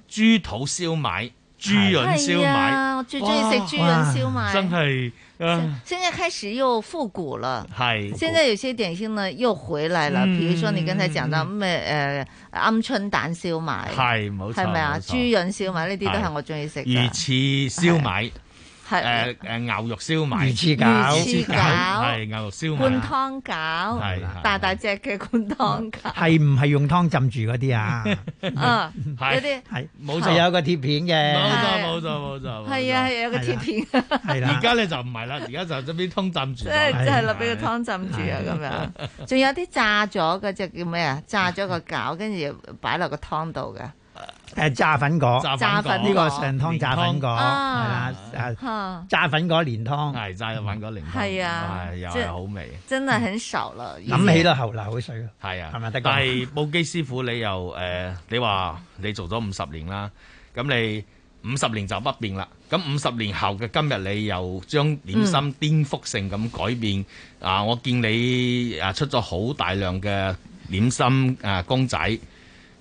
豬肚燒賣、豬潤燒賣，我最中意食豬潤燒賣，真係。啊、現在開始又復古了，係是。現在有些點心呢又回來了，嗯、比如說你剛才講到咩誒，鵪鶉蛋燒賣，係冇錯，係咪啊？豬潤燒賣呢啲都係我中意食嘅，魚翅燒賣。係，誒誒牛肉燒賣、魚翅餃，係牛肉燒賣、灌湯餃，係大大隻嘅灌湯餃，係唔係用湯浸住嗰啲啊？嗰啲係冇錯，係有個鐵片嘅，冇錯冇錯冇錯，係啊，係有個鐵片，係啦。而家咧就唔係啦，而家就俾湯浸住，即係就係俾個湯浸住啊，咁樣。仲有啲炸咗嗰隻叫咩啊？炸咗個餃，跟住擺落個湯度嘅。誒，炸粉果，炸粉呢個上湯炸粉果係啦，誒，炸粉果連湯，係炸粉果連湯係啊，係又好味，真係很熟了。諗起都喉嚨口水。係啊，係咪？但係布基師傅，你又誒，你話你做咗五十年啦，咁你五十年就不變啦。咁五十年後嘅今日，你又將點心顛覆性咁改變啊！我見你啊出咗好大量嘅點心啊公仔。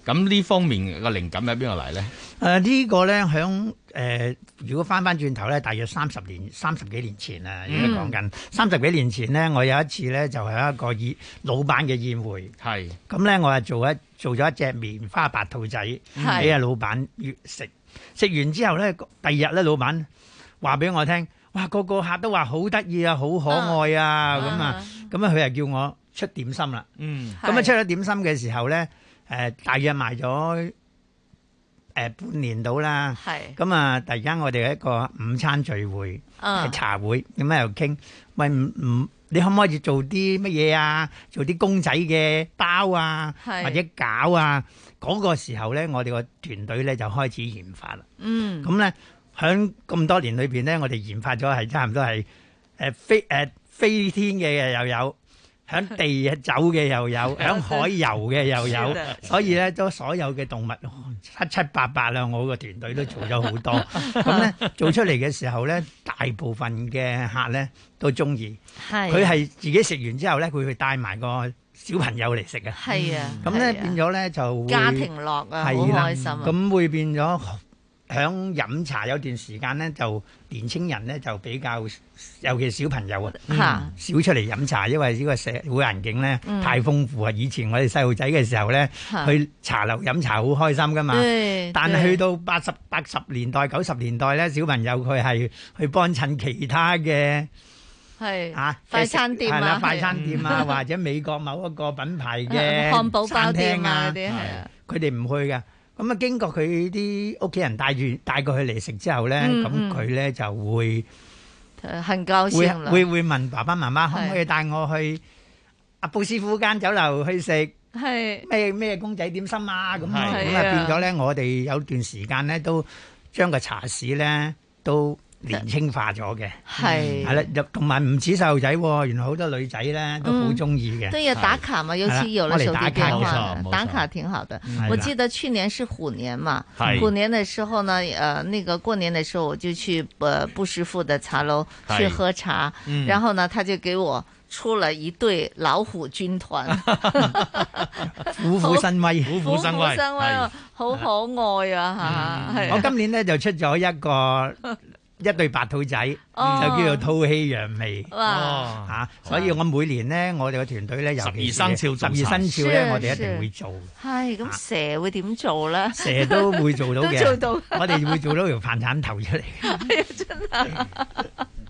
咁呢方面靈呢、呃這個靈感喺邊度嚟咧？呢個咧響如果翻翻轉頭咧，大約三十年、三十幾年前啊，應該講緊三十幾年前咧，我有一次咧就係、是、一個宴老闆嘅宴會，係咁咧，我係做，做一做咗一隻棉花白兔仔俾阿、嗯、老闆食，食完之後咧，第二日咧，老闆話俾我聽，哇個個客都話好得意啊，好可愛啊，咁啊、嗯，咁啊，佢又叫我出點心啦，嗯，咁啊樣是出咗點心嘅時候咧。誒、呃，大約賣咗誒半年到啦，係咁是啊！突然間我哋一個午餐聚會，啊、茶會，咁喺度傾，喂唔唔，你可唔可以做啲乜嘢啊？做啲公仔嘅包啊，是或者餃啊？嗰、那個時候咧，我哋個團隊咧就開始研發啦。嗯，咁咧喺咁多年裏邊咧，我哋研發咗係差唔多係誒飛誒飛天嘅又有。喺地上走嘅又有，喺海游嘅又有， <laughs> 所以咧都所有嘅動物七七八八啦。我個團隊都做咗好多，咁咧 <laughs> 做出嚟嘅時候咧，大部分嘅客咧都中意。係佢係自己食完之後咧，佢會帶埋個小朋友嚟食嘅。係、嗯、啊，咁咧變咗咧就家庭樂啊，好開心。咁會變咗。喺飲茶有段時間咧，就年青人咧就比較，尤其小朋友啊，少出嚟飲茶，因為呢個社會環境咧太豐富啊。以前我哋細路仔嘅時候咧，去茶樓飲茶好開心噶嘛。但係去到八十八十年代、九十年代咧，小朋友佢係去幫襯其他嘅係啊快餐店啊、快餐店啊，或者美國某一個品牌嘅漢堡包店啊嗰啲係啊，佢哋唔去嘅。咁啊，經過佢啲屋企人帶住帶佢去嚟食之後咧，咁佢咧就會誒行街，會會會問爸爸媽媽可唔可以帶我去阿布師傅間酒樓去食，係咩咩公仔點心啊？咁咁啊變咗咧，我哋有段時間咧都將個茶市咧都。年輕化咗嘅係係啦，同埋唔似細路仔，原來好多女仔咧都好中意嘅。對，要打卡嘛，尤其有咗手提電話嘛。打卡挺好的，我記得去年是虎年嘛，虎年的時候呢，誒，那個過年的時候我就去布基師傅的茶樓去喝茶，然後呢，他就給我出了一對老虎軍團，虎虎生威，虎虎生威，好可愛啊吓！我今年呢就出咗一個。一對白兔仔，嗯、就叫做吐氣揚眉，吓、哦哦啊，所以我每年咧，我哋個團隊咧，尤其十二生肖十二生肖咧完，我哋一定會做。係，咁、啊、蛇會點做咧？蛇都會做到嘅， <laughs> 做到， <laughs> 我哋會做到條飯鏟頭出嚟。真係。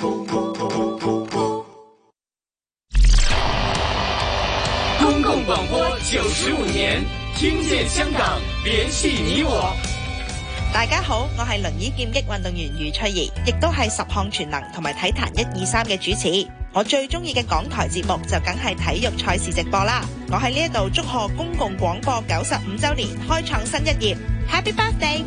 公共廣播九十五年，聽見香港，聯繫你我。大家好，我係輪椅劍擊運動員余翠怡，亦都係十項全能同埋體壇一二三嘅主持。我最中意嘅港台節目就梗係體育賽事直播啦。我喺呢一度祝賀公共廣播九十五周年，開創新一頁。Happy birthday！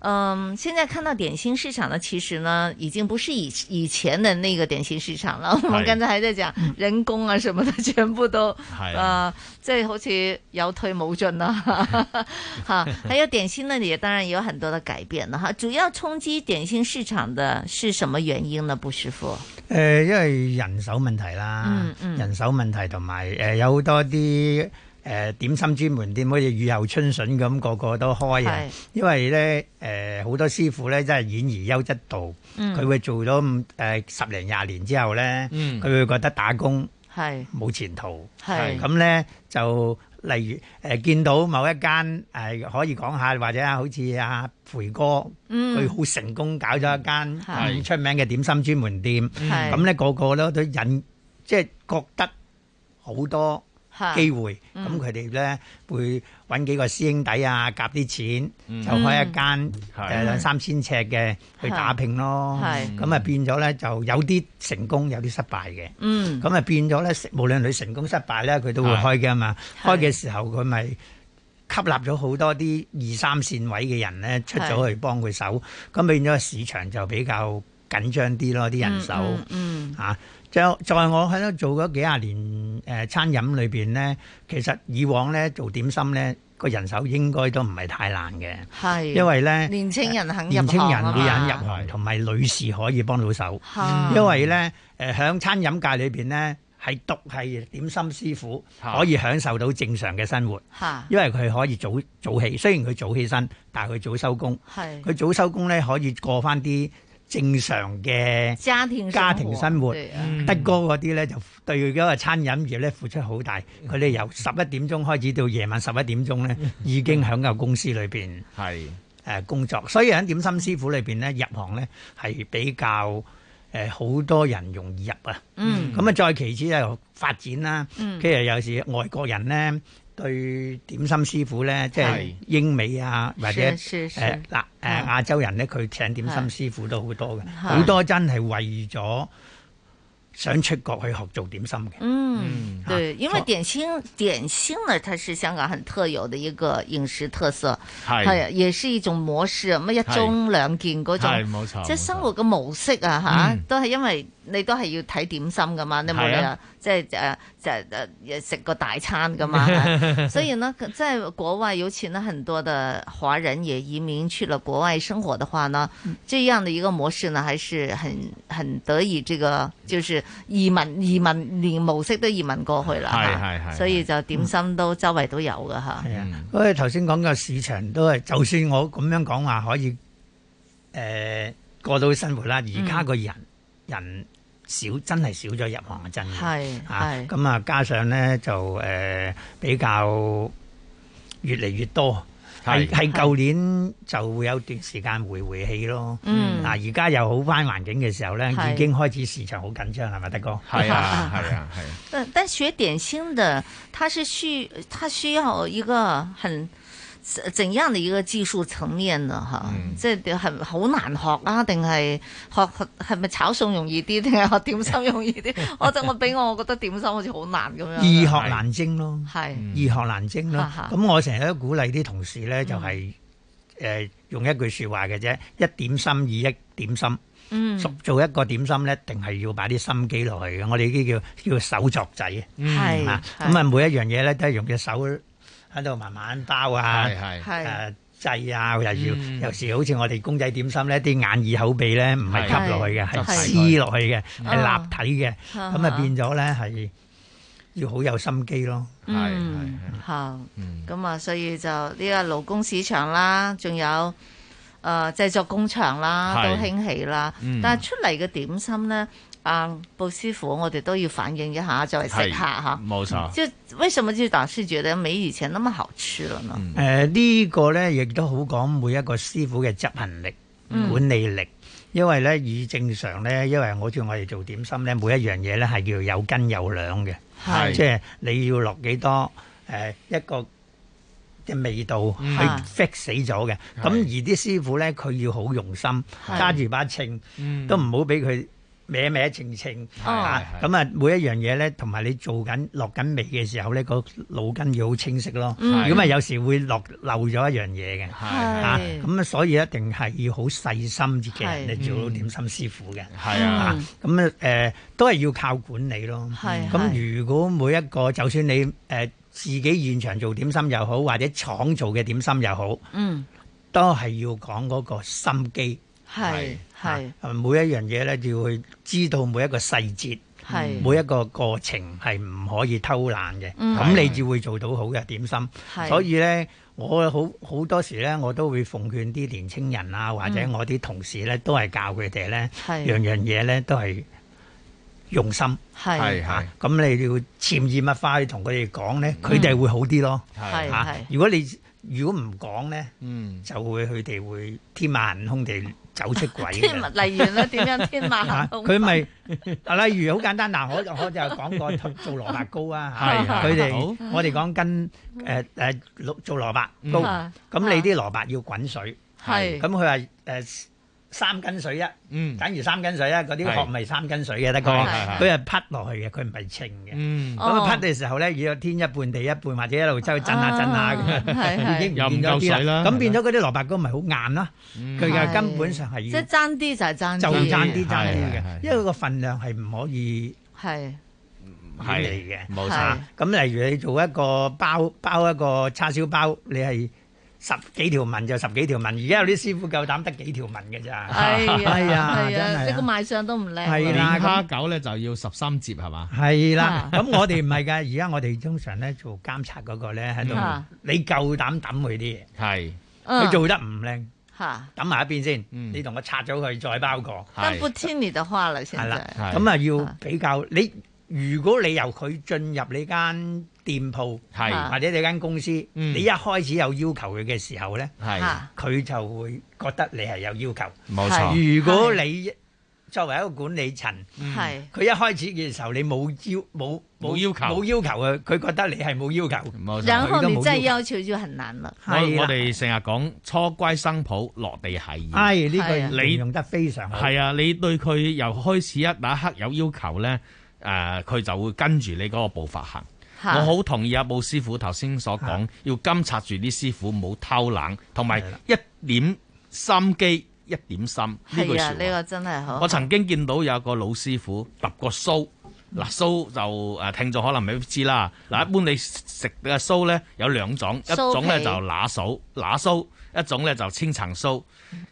嗯，現在看到點心市場呢，其實呢已經不是以以前的那個點心市場了。是我哋剛才還在講人工啊，什麼的，全部都，啊，即係、呃、好似有退冇進啦，哈。 <laughs> 還有點心那裏當然也有很多的改變啦，哈。主要衝擊點心市場的是什麼原因呢？布師傅？誒、呃，因為人手問題啦，嗯嗯，嗯人手問題同埋誒有好、呃、多啲。誒點心專門店好似雨後春筍咁，個個都開啊！因為咧，誒好多師傅咧真係演而優則導，佢會做咗咁十零廿年之後咧，佢會覺得打工係冇前途，係咁咧就例如誒見到某一間誒可以講下或者啊，好似阿培哥，佢好成功搞咗一間咁出名嘅點心專門店，咁咧個個咧都引即係、就是、覺得好多。機會，咁佢哋咧會揾幾個師兄弟啊，夾啲錢、嗯、就開一間誒、嗯、兩三千尺嘅去打拼咯。咁啊變咗咧就有啲成功，有啲失敗嘅。咁啊、嗯、變咗咧，無論佢成功失敗咧，佢都會開嘅嘛。是開嘅時候佢咪吸納咗好多啲二三線位嘅人咧出咗去幫佢手。咁是變咗市場就比較緊張啲咯，啲人手、嗯嗯嗯、啊。就在我喺度做咗幾廿年，誒、呃、餐飲裏邊呢，其實以往呢做點心呢個人手應該都唔係太難嘅，是因為呢年青人肯入行年青人會有人入行，同埋的女士可以幫到手，的因為呢誒響、呃、餐飲界裏邊呢係獨係點心師傅的可以享受到正常嘅生活，的因為佢可以早早起，雖然佢早起身，但係佢早收工，佢的早收工呢可以過翻啲。正常嘅家庭生活，家庭生活，德哥嗰啲咧就對嗰個餐飲業咧付出好大。佢哋由十一點鐘開始到夜晚十一點鐘咧，嗯、已經喺嗰間公司裏邊係誒工作。所以喺點心師傅裏邊咧入行咧係比較誒好、呃、多人容易入啊。嗯，咁啊再其次就發展啦。嗯，跟住有時外國人咧，對點心師傅咧，即係英美啊，或者誒嗱誒亞洲人咧，佢請點心師傅都好多嘅，好是多真係為咗。想出國去學做點心嘅、嗯，嗯，對，因為點心點心呢，它是香港很特有的一個飲食特色，係，亦係的一種模，模式啊，乜一盅兩件嗰種，係冇錯，即係生活嘅模式啊，吓，都係因為你都係要睇點心噶嘛，你冇理由即係誒誒誒食個大餐噶嘛， <laughs> 所以呢，即係國外尤其呢，很多嘅華人也移民去了國外生活的話呢，嗯、這樣的一個模式呢，還是很很得意這個就是。移民移民，連模式都移民過去啦，係係係，所以就點心都、嗯、周圍都有㗎吓。係啊，所以頭先講個市場都係，就算我咁樣講話可以誒、呃、過到生活啦。而家個人、嗯、人少，真係少咗入行嘅真係係。咁啊，加上咧就誒、呃、比較越嚟越多。係係，舊年就會有段時間回回氣咯。嗯，嗱，而家又好翻環境嘅時候咧，是已經開始市場好緊張，係咪，德哥？係啊，係啊，係、啊。嗯、啊， <laughs> 但學點心嘅，他是需，他需要一個很。怎樣的一個技術層面呢？吓、嗯，即係係好難學啊？定係學係咪炒餸容易啲，定係學點心容易啲？ <laughs> 我就我俾我，我覺得點心好似好難咁樣。易學難精咯，係易是學難精咯。咁是、嗯、我成日都鼓勵啲同事咧，就係誒用一句說話嘅啫，嗯、一點心意一點心。嗯，做一個點心咧，定係要擺啲心機落去嘅。我哋呢啲叫叫手作仔、嗯、是啊，係咁啊，每一樣嘢咧都係用隻手。喺度慢慢包啊，係係，誒製啊，又要有時好似我哋公仔點心咧，啲眼耳口鼻咧唔係吸落去嘅，係撕落去嘅，係立體嘅，咁啊變咗咧係要好有心機咯。係係嚇，咁啊所以就呢個勞工市場啦，仲有誒製作工場啦都興起啦，但係出嚟嘅點心咧。啊，布師傅，我哋都要反映一下，再食下吓。冇錯，即係為什麼？就大師姐咧，冇以前那麼好吃了呢？誒、嗯呃這個、呢個咧，亦都好講每一個師傅嘅執行力、管理力，嗯、因為咧以正常咧，因為好似我哋做點心咧，每一樣嘢咧係要有斤有兩嘅，係是即係你要落幾多誒、呃、一個嘅味道、嗯、去 fix 死咗嘅。咁是而啲師傅咧，佢要好用心揸住是把秤，嗯、都唔好俾佢。歪歪晴晴嚇咁啊！每一樣嘢咧，同埋你做緊落緊尾嘅時候咧，個腦筋要好清晰咯。咁啊，有時會落漏咗一樣嘢嘅嚇。咁啊，所以一定係要好細心，自己你做點心師傅嘅。係啊，咁啊誒，都係要靠管理咯。咁如果每一個，就算你誒自己現場做點心又好，或者廠做嘅點心又好，嗯，都係要講嗰個心機係。係，每一樣嘢咧要去知道每一個細節，每一個過程係唔可以偷懶嘅。咁你至會做到好嘅點心。所以咧，我好好多時咧，我都會奉勸啲年青人啊，或者我啲同事咧，都係教佢哋咧，樣樣嘢咧都係用心。係嚇，咁你要潛移默化去同佢哋講咧，佢哋會好啲咯。嚇，如果你如果唔講咧，嗯，就會佢哋會天馬行空地。九出鬼，物例如咧，點樣天馬行空？佢咪、 <laughs> 啊、例如好簡單嗱、啊，我就我就講過做蘿蔔糕啊，佢哋我哋講跟誒誒、呃、做蘿蔔糕，咁、嗯嗯、你啲蘿蔔要滾水，咁佢話誒。嗯是三斤水一，等於三斤水一，嗰啲殼唔係三斤水嘅得嘅，佢係劈落去嘅，佢唔係清嘅。咁佢劈嘅時候咧，要天一半地一半，或者一路走去震下震下，已經唔見咗啲水。咁變咗嗰啲蘿蔔糕唔係好硬啦。佢嘅根本上係即係爭啲就係爭啲就爭啲爭啲嘅，因為個份量係唔可以係嚟嘅，冇錯。咁例如你做一個包包一個叉燒包，你係。十幾條紋就十幾條紋，而家有啲師傅夠膽得幾條紋嘅咋？係啊，係啊，真係，你個賣相都唔靚。年蝦餃咧就要十三摺係嘛？係啦，咁我哋唔係噶，而家我哋通常咧做監察嗰個咧喺度，你夠膽抌佢啲嘢？係佢做得唔靚，吓，抌埋一邊先，你同我拆咗佢再包過。但不聽你嘅話啦，先係啦，咁啊要比較你，如果你由佢進入呢間。店鋪係或者你間公司，你一開始有要求佢嘅時候咧，係佢就會覺得你係有要求。冇錯。如果你作為一個管理層，係佢一開始嘅時候你冇要冇冇要求冇要求嘅，佢覺得你係冇要求。然後你再要求就難啦。我我哋成日講初歸新抱落地孩，係呢句你用得非常好。係啊！你對佢由開始一那一刻有要求咧，誒佢就會跟住你嗰個步伐行。我好同意阿布師傅頭先所講，是要監察住啲師傅冇偷懶，同埋一點心機、一點心呢的句説話，這個真係，好，我曾經見到有個老師傅揼個酥，嗱酥、嗯、就誒聽眾可能未知啦。嗱、嗯、一般你食嘅酥咧有兩種，一種咧就拿、是、酥，拿酥；一種咧就千層酥。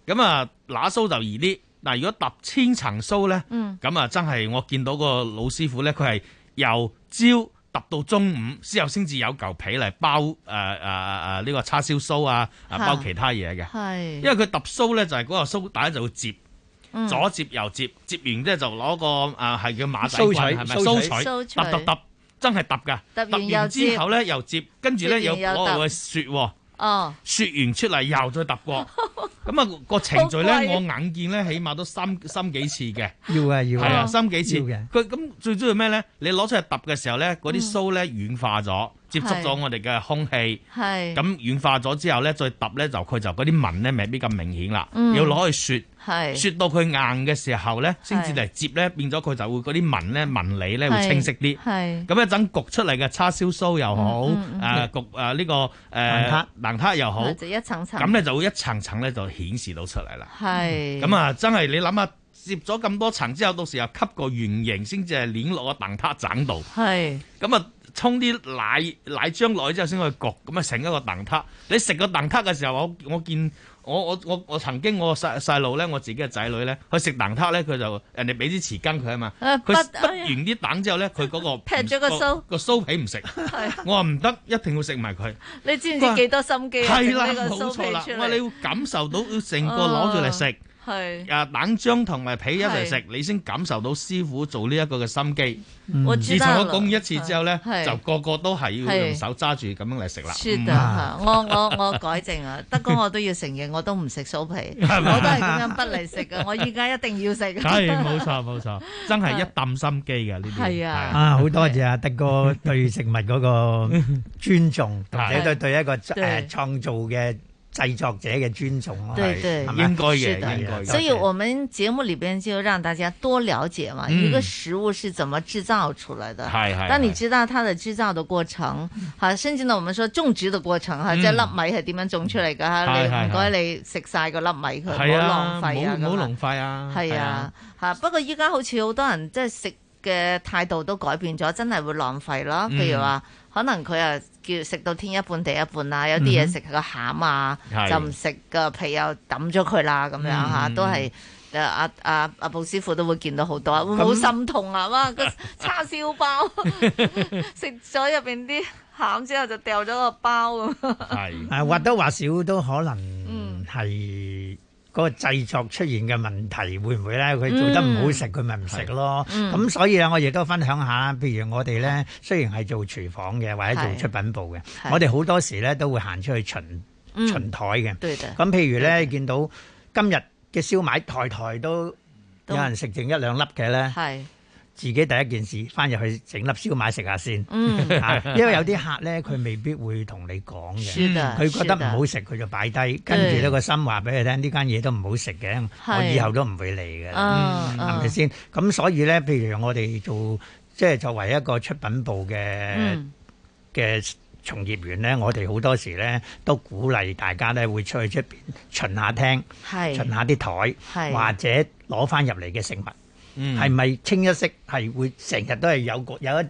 咁啊、嗯，拿酥就易啲，但如果揼千層酥咧，咁啊、嗯、真係我見到個老師傅咧，佢係由朝。揼到中午，之後先至有嚿皮嚟包誒誒誒呢個叉燒酥啊，啊包其他嘢嘅。係是，因為佢揼酥咧就係、是、嗰個酥，大家就會折，嗯、左折右折，折完之後咧就攞個誒係、呃、叫馬蹄粉係咪？酥脆取，揼揼揼，真係揼噶。揼完，完之後咧又折，跟住咧有薄嘅雪。哦，説完出嚟又再揼過，咁、那、啊個程序咧， <laughs> 怪我眼見咧，起碼都三三幾次嘅。 <laughs> 要啊吧要啊的，係啊三幾次嘅。佢咁的最主要咩咧？你攞出嚟揼嘅時候咧，嗰啲須咧軟化咗，接觸咗我哋嘅空氣，咁 <laughs> 的軟化咗之後咧，再揼咧就佢就嗰啲紋咧未必咁明顯啦。嗯、要攞去説。説是到佢硬嘅時候咧，先至嚟接咧，變咗佢就會嗰啲紋咧紋理咧會清晰啲。係咁，一陣焗出嚟嘅叉燒酥又好，焗誒呢個誒蛋撻蛋又好，就一咁咧就會一層層咧就顯示到出嚟啦。係咁是是、嗯、啊，真係你諗下摺咗咁多層之後，到時候吸個圓形先至係攣落個蛋撻棧度。係咁啊，沖啲是奶奶漿落去之後先去焗，咁啊成一個蛋撻。你食個蛋撻嘅時候，我我見。我我我我曾經我細細路咧，我自己嘅仔女咧，佢食蛋撻咧，佢就人哋俾啲匙羹佢啊嘛，佢畢完啲蛋之後咧，佢嗰個劈咗 <laughs> 個酥，個酥皮唔食， <laughs> 的我話唔得，一定要食埋佢。 <laughs> 你知唔知幾多心機啊？呢 <laughs> 的個酥皮出嚟，我你會感受到成個攞住嚟食。 <laughs> 哦係啊，蛋漿同埋皮一齊食，你先感受到師傅做呢一個嘅心機。自從我講一次之後咧，就個個都係要用手揸住咁樣嚟食啦。我我我改正啊，德哥我都要承認，我都唔食酥皮，我都係咁樣不嚟食噶我依家一定要食。係冇錯冇錯，真係一啖心機噶呢啲。係啊啊，好多謝阿德哥對食物嗰個尊重，同埋對對一個誒創造嘅。製作者嘅尊重咯，係應該嘅，應該。所以，我們節目裏邊就讓大家多了解嘛，一個食物是怎麼製造出來的。係係。但你知道它的製造的過程，嚇，甚至呢，我們說種植的過程，即係粒米係點樣種出嚟嘅？嚇，你唔該你食晒個粒米佢，唔好浪費啊！唔好浪費啊！係啊，嚇！不過依家好似好多人即係食嘅態度都改變咗，真係會浪費囉。譬如話。可能佢啊叫食到天一半地一半啦，有啲嘢食個餡啊，就唔食個皮又抌咗佢啦咁樣吓，都係阿啊啊布師傅都會見到好多，好、嗯、心痛啊！哇個 <laughs> 叉燒包 <laughs> 食咗入邊啲餡之後就掉咗個包，係誒是、 <laughs> 嗯、或多或少都可能係。嗰個製作出現嘅問題會唔會咧？佢做得唔好食，佢咪唔食咯。咁、嗯、所以咧，我亦都分享下，譬如我哋咧，雖然係做廚房嘅或者做出品部嘅，我哋好多時咧都會行出去巡、嗯、巡台嘅。咁的譬如咧，的見到今日嘅燒賣台台都有人食剩一兩粒嘅咧。自己第一件事翻入去整粒燒賣食下先，嚇！因為有啲客咧，佢未必會同你講嘅，佢覺得唔好食，佢就擺低，跟住呢個心話俾佢聽，呢間嘢都唔好食嘅，我以後都唔會嚟嘅，係咪先？咁所以咧，譬如我哋做即係作為一個出品部嘅嘅從業員咧，我哋好多時咧都鼓勵大家咧會出去出邊巡下廳，巡下啲台，或者攞翻入嚟嘅食物。係咪、嗯、清一色係會成日都係有個有一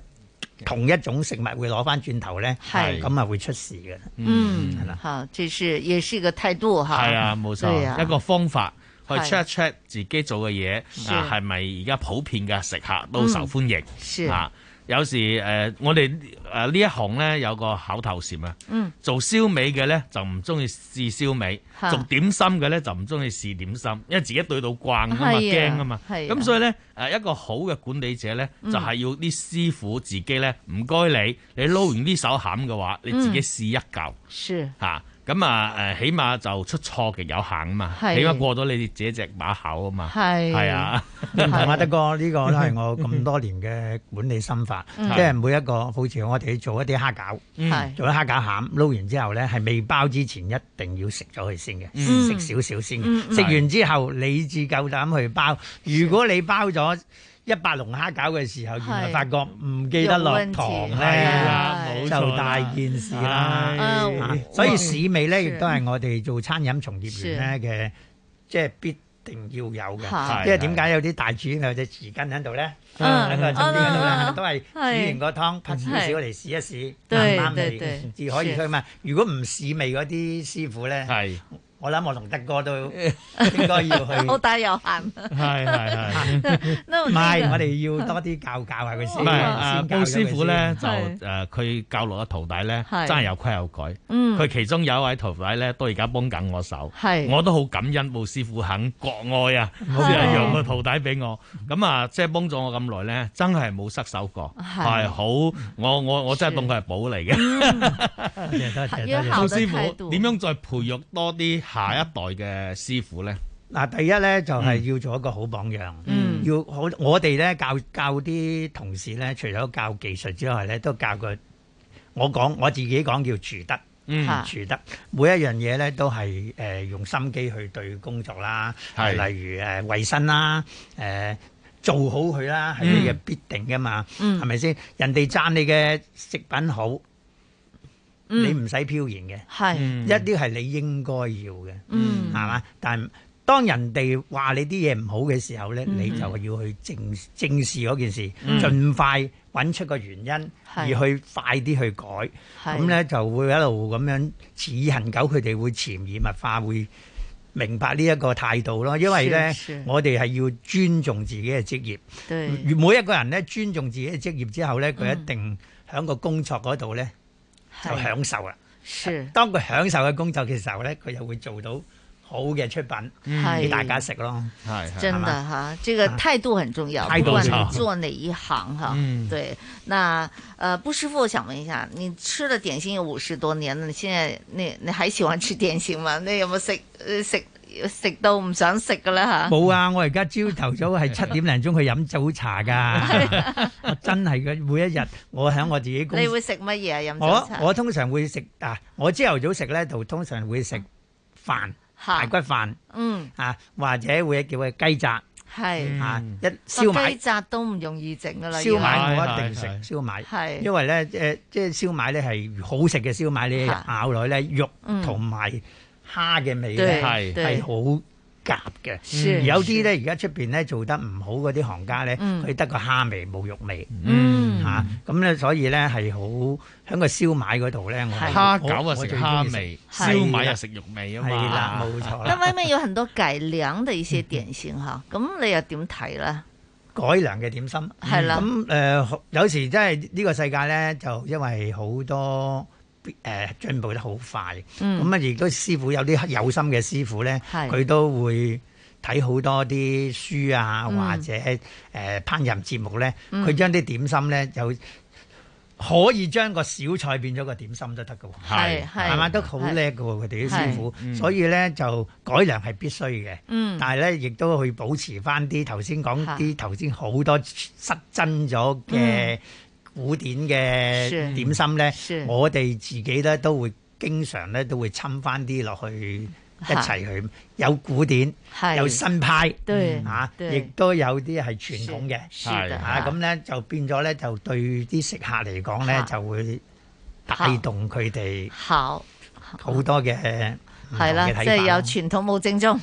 同一種食物會攞翻轉頭咧？係咁啊會出事嘅。嗯，吧，好，即是也是一個態度吓。係啊，冇錯，啊、一個方法、啊、去 check 一 check 自己做嘅嘢啊係咪而家普遍嘅食客都受歡迎？嗯、是、啊有時誒，我哋誒呢一行咧有個口頭禪啊，做燒味嘅咧就唔中意試燒味，做點心嘅咧就唔中意試點心，因為自己對到慣啊嘛，驚啊嘛，咁所以咧誒一個好嘅管理者咧，就係要啲師傅自己咧唔該你，你撈完啲手餡嘅話，你自己試一嚿試吓，咁啊起碼就出錯嘅有行嘛，起碼過咗你自己只把口啊嘛，係啊，唔係得德哥呢個都係我咁多年嘅管理心法，即係每一個，好似我哋做一啲蝦餃，做啲蝦餃餡撈完之後咧，係未包之前一定要食咗佢先嘅，食少少先，食完之後你至夠膽去包，如果你包咗，一百龍蝦餃嘅時候，原來發覺唔記得落糖咧，就大件事啦。所以試味咧，亦都係我哋做餐飲從業員咧嘅，即係必定要有嘅。即係點解有啲大廚有隻匙羹喺度咧？喺個樽度咧，都係煮完個湯噴少少嚟試一試，啱嘅先至可以出嘛。如果唔試味嗰啲師傅咧，我諗我同德哥都應該要去。好大又喊。係係係。唔係，我哋要多啲教教下佢先。係啊。布師傅咧就誒，佢教落個徒弟咧，真係有規有矩。嗯。佢其中有一位徒弟咧，都而家幫緊我手。係。我都好感恩布師傅肯割愛啊，好似一樣嘅徒弟俾我。咁啊，即係幫咗我咁耐咧，真係冇失手過。係。係好，我我我真係當佢係寶嚟嘅。布師傅點樣再培育多啲？下一代嘅師傅咧，嗱，第一咧就係、是、要做一個好榜樣，嗯、要好我哋咧教教啲同事咧，除咗教技術之外咧，都教佢。我講我自己講叫廚德，嗯、廚德」，每一樣嘢咧都係、呃、用心機去對工作啦，呃，例如誒衞生啦，呃，做好佢啦係啲嘅必定噶嘛，係咪先？嗯、人哋讚你嘅食品好。你唔使飄然嘅，一啲係你應該要嘅，係嘛？但係當人哋話你啲嘢唔好嘅時候咧，你就要去正正視嗰件事，盡快揾出個原因，而去快啲去改。咁咧就會一路咁樣樣恆久，佢哋會潛移默化，會明白呢一個態度咯。因為咧，我哋係要尊重自己嘅職業。每一個人咧，尊重自己嘅職業之後咧，佢一定響個工作嗰度咧。就享受啦。是。當佢享受嘅工作嘅時候咧，佢又會做到好嘅出品，俾大家食咯。係、嗯，係嘛？吓吧，這個態度很重要。啊、不管你做哪一行，哈。對，那，誒、呃，布師傅，我想問一下，你吃了點心有五十多年，你現在，你，你還喜歡吃點心嗎？你有冇食，食、呃？食到唔想食噶啦吓！冇啊！我而家朝頭早係七點零鐘去飲早茶噶，我真係嘅每一日我喺我自己。你會食乜嘢啊？飲早茶？我我通常會食啊！我朝頭早食咧就通常會食飯、排骨飯，嗯啊，或者會叫佢雞雜，係啊，一燒麥。燒雞雜都唔容易整噶啦。燒麥我一定食燒麥，係因為咧，即係即係燒麥咧係好食嘅燒麥咧，咬落咧肉同埋。蝦嘅味咧係好夾嘅，而有啲咧而家出邊咧做得唔好嗰啲行家咧，佢得個蝦味冇肉味，吓，咁咧所以咧係好喺個燒賣嗰度咧，我蝦餃我食蝦味，燒賣啊食肉味啊嘛。係啦，冇錯啦。但係咪有很多改良的一些點心吓？咁你又點睇咧？改良嘅點心係啦，咁誒有時真係呢個世界咧就因為好多。誒進步得好快，咁啊亦都師傅有啲有心嘅師傅咧，佢都會睇好多啲書啊，或者誒烹飪節目咧，佢將啲點心咧就可以將個小菜變咗個點心都得㗎，係係嘛都好叻㗎喎，佢哋啲師傅，所以咧就改良係必須嘅，嗯，但係咧亦都去保持翻啲頭先講啲頭先好多失真咗嘅。古典嘅點心咧，我哋自己咧都會經常咧都會侵翻啲落去是一齊去，有古典，是有新派嚇，亦都有啲係傳統嘅嚇，咁咧、啊、的就變咗咧就對啲食客嚟講咧就會帶動佢哋好多嘅。係啦，即係有傳統冇正宗。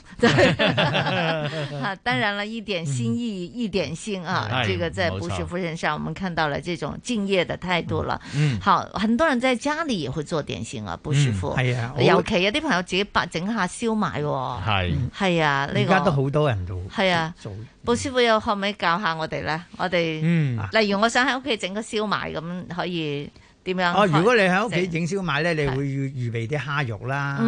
當然啦，一點心意，一點心啊！這個在布師傅身上，我們看到了這種敬業的態度啦。嗯，好，很多人在家裏也會做點心啊，布師傅。係啊，尤其有啲朋友自己白整下燒賣。係。係啊，呢個。而家都好多人都。係啊。布師傅又可唔可以教下我哋咧？我哋嗯，例如我想喺屋企整個燒賣咁，可以。點樣？哦、啊，如果你喺屋企整燒賣咧，是你會預備啲蝦肉啦，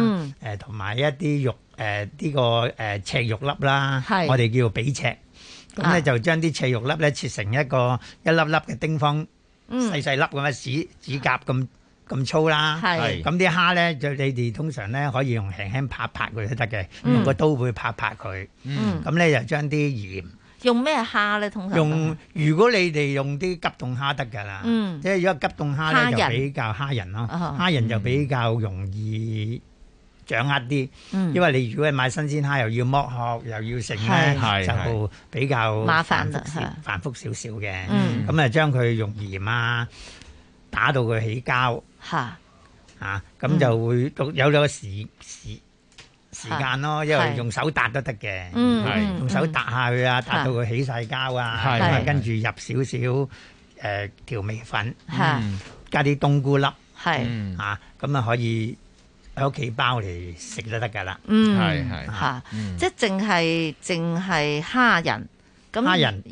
誒同埋一啲肉，誒、呃、呢、這個誒、呃、赤肉粒啦，是我哋叫做比赤。咁咧、啊、就將啲赤肉粒咧切成一個一粒粒嘅丁方，嗯、細細粒咁樣指指甲咁咁粗啦。係咁啲蝦咧，就你哋通常咧可以用輕輕拍拍佢都得嘅，嗯、用個刀背拍拍佢。嗯，咁咧就將啲鹽。用咩蝦咧？通常用，如果你哋用啲急凍蝦得噶啦，嗯、即係如果急凍蝦咧就比較蝦仁咯，蝦仁、嗯、就比較容易掌握啲。嗯、因為如你如果係買新鮮蝦，又要剝殼又要食咧，嗯嗯、就比較麻煩啦，繁複少少嘅。咁啊，將佢用鹽啊，打到佢起膠，吓啊、嗯、咁、嗯嗯、就會有咗個屎屎。屎屎時間咯，因為用手揼都得嘅，用手揼下去啊，揼到佢起晒膠啊，跟住入少少誒調味粉，加啲冬菇粒，嚇咁啊可以喺屋企包嚟食都得噶啦，嚇即係淨係淨係蝦仁，蝦仁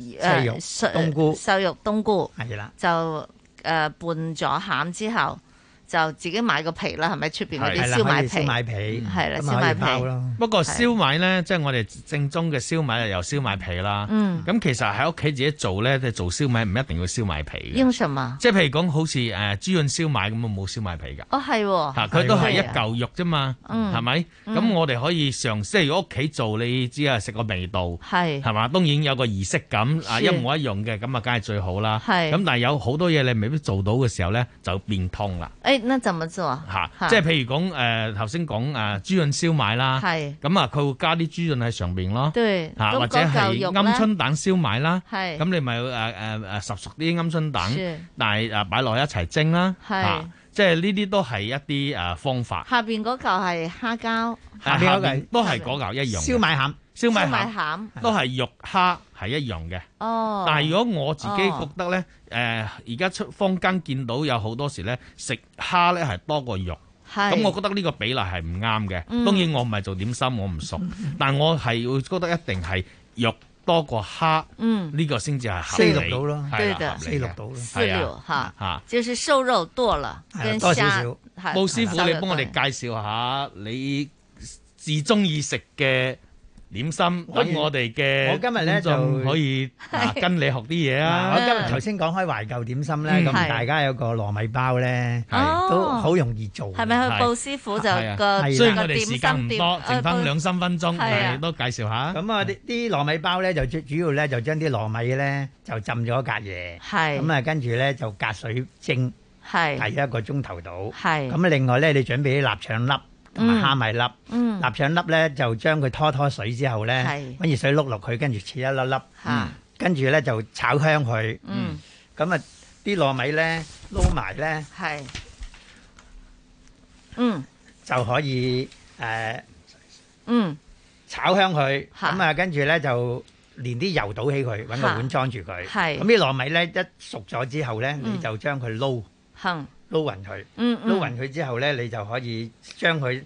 誒瘦肉冬菇、瘦肉冬菇，就誒拌咗餡之後。就自己買個皮啦，係咪出面嗰啲燒賣皮？燒賣皮，係啦，燒賣皮咯。不過燒賣咧，即係我哋正宗嘅燒賣係由燒賣皮啦。咁其實喺屋企自己做咧，即係做燒賣唔一定要燒賣皮嘅。英神啊即係譬如講好似誒豬潤燒賣咁就冇燒賣皮㗎。哦，係喎。佢都係一嚿肉啫嘛，係咪？咁我哋可以嘗試，如果屋企做，你知啊，食個味道係係嘛？當然有個儀式感啊，一模一樣嘅咁啊，梗係最好啦。咁但係有好多嘢你未必做到嘅時候咧，就變通啦。那怎麼做？吓，即係譬如講誒，頭先講誒，豬潤燒賣啦，係，咁啊，佢會加啲豬潤喺上邊咯，對，吓或者係鵪鶉蛋燒賣啦，係，咁你咪誒誒誒熟熟啲鵪鶉蛋，但係誒擺落一齊蒸啦，係，即係呢啲都係一啲誒方法。下邊嗰嚿係蝦膠，下邊都係嗰嚿一樣燒賣餡。燒賣餡都係肉蝦，係一樣嘅，但係如果我自己覺得咧，誒而家出坊間見到有好多時咧，食蝦咧係多過肉，咁我覺得呢個比例係唔啱嘅。當然我唔係做點心，我唔熟，但係我係會覺得一定係肉多過蝦，呢個先至係合理到咯，係啊，合理到咯，係啊，吓吓，就是瘦肉多啦，多少少。布師傅，你幫我哋介紹下你最中意食嘅。點心，喺我哋嘅，我今日咧就可以，啊，跟你學啲嘢啊！我今日頭先講開懷舊點心咧，咁大家有個糯米包咧，都好容易做，係咪？個布師傅就個，雖然我哋時間唔多，剩翻兩三分鐘，係都介紹下。咁啊，啲糯米包咧就最主要咧就將啲糯米咧就浸咗隔夜，係咁啊，跟住咧就隔水蒸，係係一個鐘頭度，係咁啊。另外咧，你準備啲臘腸粒。同埋蝦米粒，臘腸粒咧就將佢拖拖水之後咧，揾熱水碌落佢，跟住切一粒粒，跟住咧就炒香佢。咁啊，啲糯米咧撈埋咧，嗯，就可以誒，嗯，炒香佢，咁啊，跟住咧就連啲油倒起佢，揾個碗裝住佢。咁啲糯米咧一熟咗之後咧，你就將佢撈。撈勻佢，撈勻佢之後咧，你就可以將佢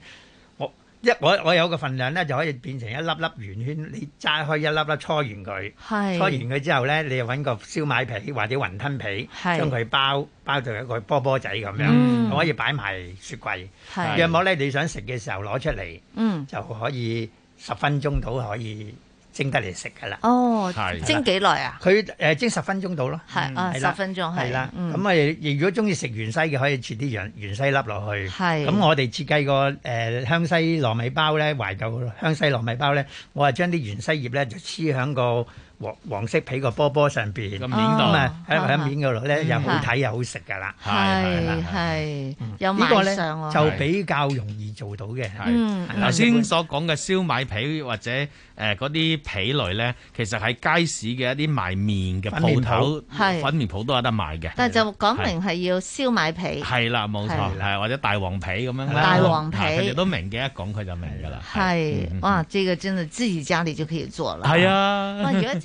我一我我有個份量咧，就可以變成一粒粒圓圈。你揸開一粒粒搓完佢，是搓完佢之後咧，你就搵個燒麥皮或者雲吞皮，將佢是包包到一個波波仔咁樣，嗯、可以擺埋雪櫃。若果咧，你想食嘅時候攞出嚟，嗯、就可以十分鐘到可以。蒸得嚟食噶啦，哦，的蒸幾耐啊？佢誒、呃、蒸十分鐘到咯，係啊的，嗯、十分鐘係啦。咁啊、呃，如果中意食芫茜嘅，可以切啲芫芫茜粒落去。係的，咁我哋設計個誒、呃、香西糯米包咧，懷舊香西糯米包咧，我係將啲芫茜葉咧就黐喺個。黃色皮個波波上邊面度，喺面度咧又好睇又好食噶啦，係係，呢個咧就比較容易做到嘅。頭先所講嘅燒米皮或者誒嗰啲皮類咧，其實喺街市嘅一啲賣麵嘅鋪頭，粉麵鋪都有得賣嘅。但係就講明係要燒米皮，係啦，冇錯，或者大黃皮咁樣。大黃皮，佢哋都明嘅，一講佢就明㗎啦。係哇，呢個真的自己家裡就可以做了。係啊，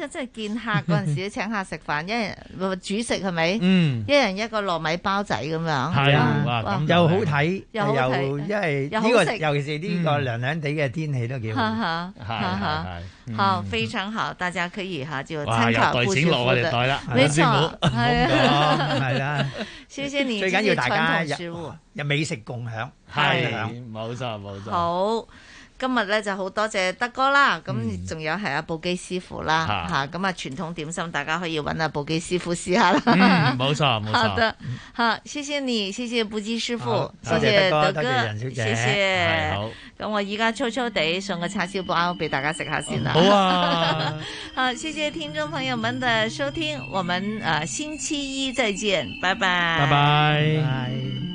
即係見客嗰陣時請客食飯，一人煮食係咪？嗯，一人一個糯米包仔咁樣。係啊，又好睇，又因為呢個尤其是呢個涼涼地嘅天氣都幾好。好，非常好，大家可以吓就參考。哇，又袋錢落啊，就袋啦，冇錯，係啦。謝謝你。最緊要大家有美食共享，係，冇錯冇錯。好。今日咧就好多謝德哥啦，咁仲有係阿、啊、布基師傅啦，吓咁、嗯、啊傳、啊、統點心大家可以揾阿、啊、布基師傅試下啦，冇錯冇錯，錯錯好的，嗯、好，謝謝你，謝謝布基師傅，好謝謝德哥，多哥謝，謝，謝，謝好，咁我而家粗粗地送個叉燒包俾大家食下先啦，嗯、好啊， <laughs> 好，謝謝聽眾朋友們的收聽，我們誒、啊、星期一再見，拜拜，拜拜 bye。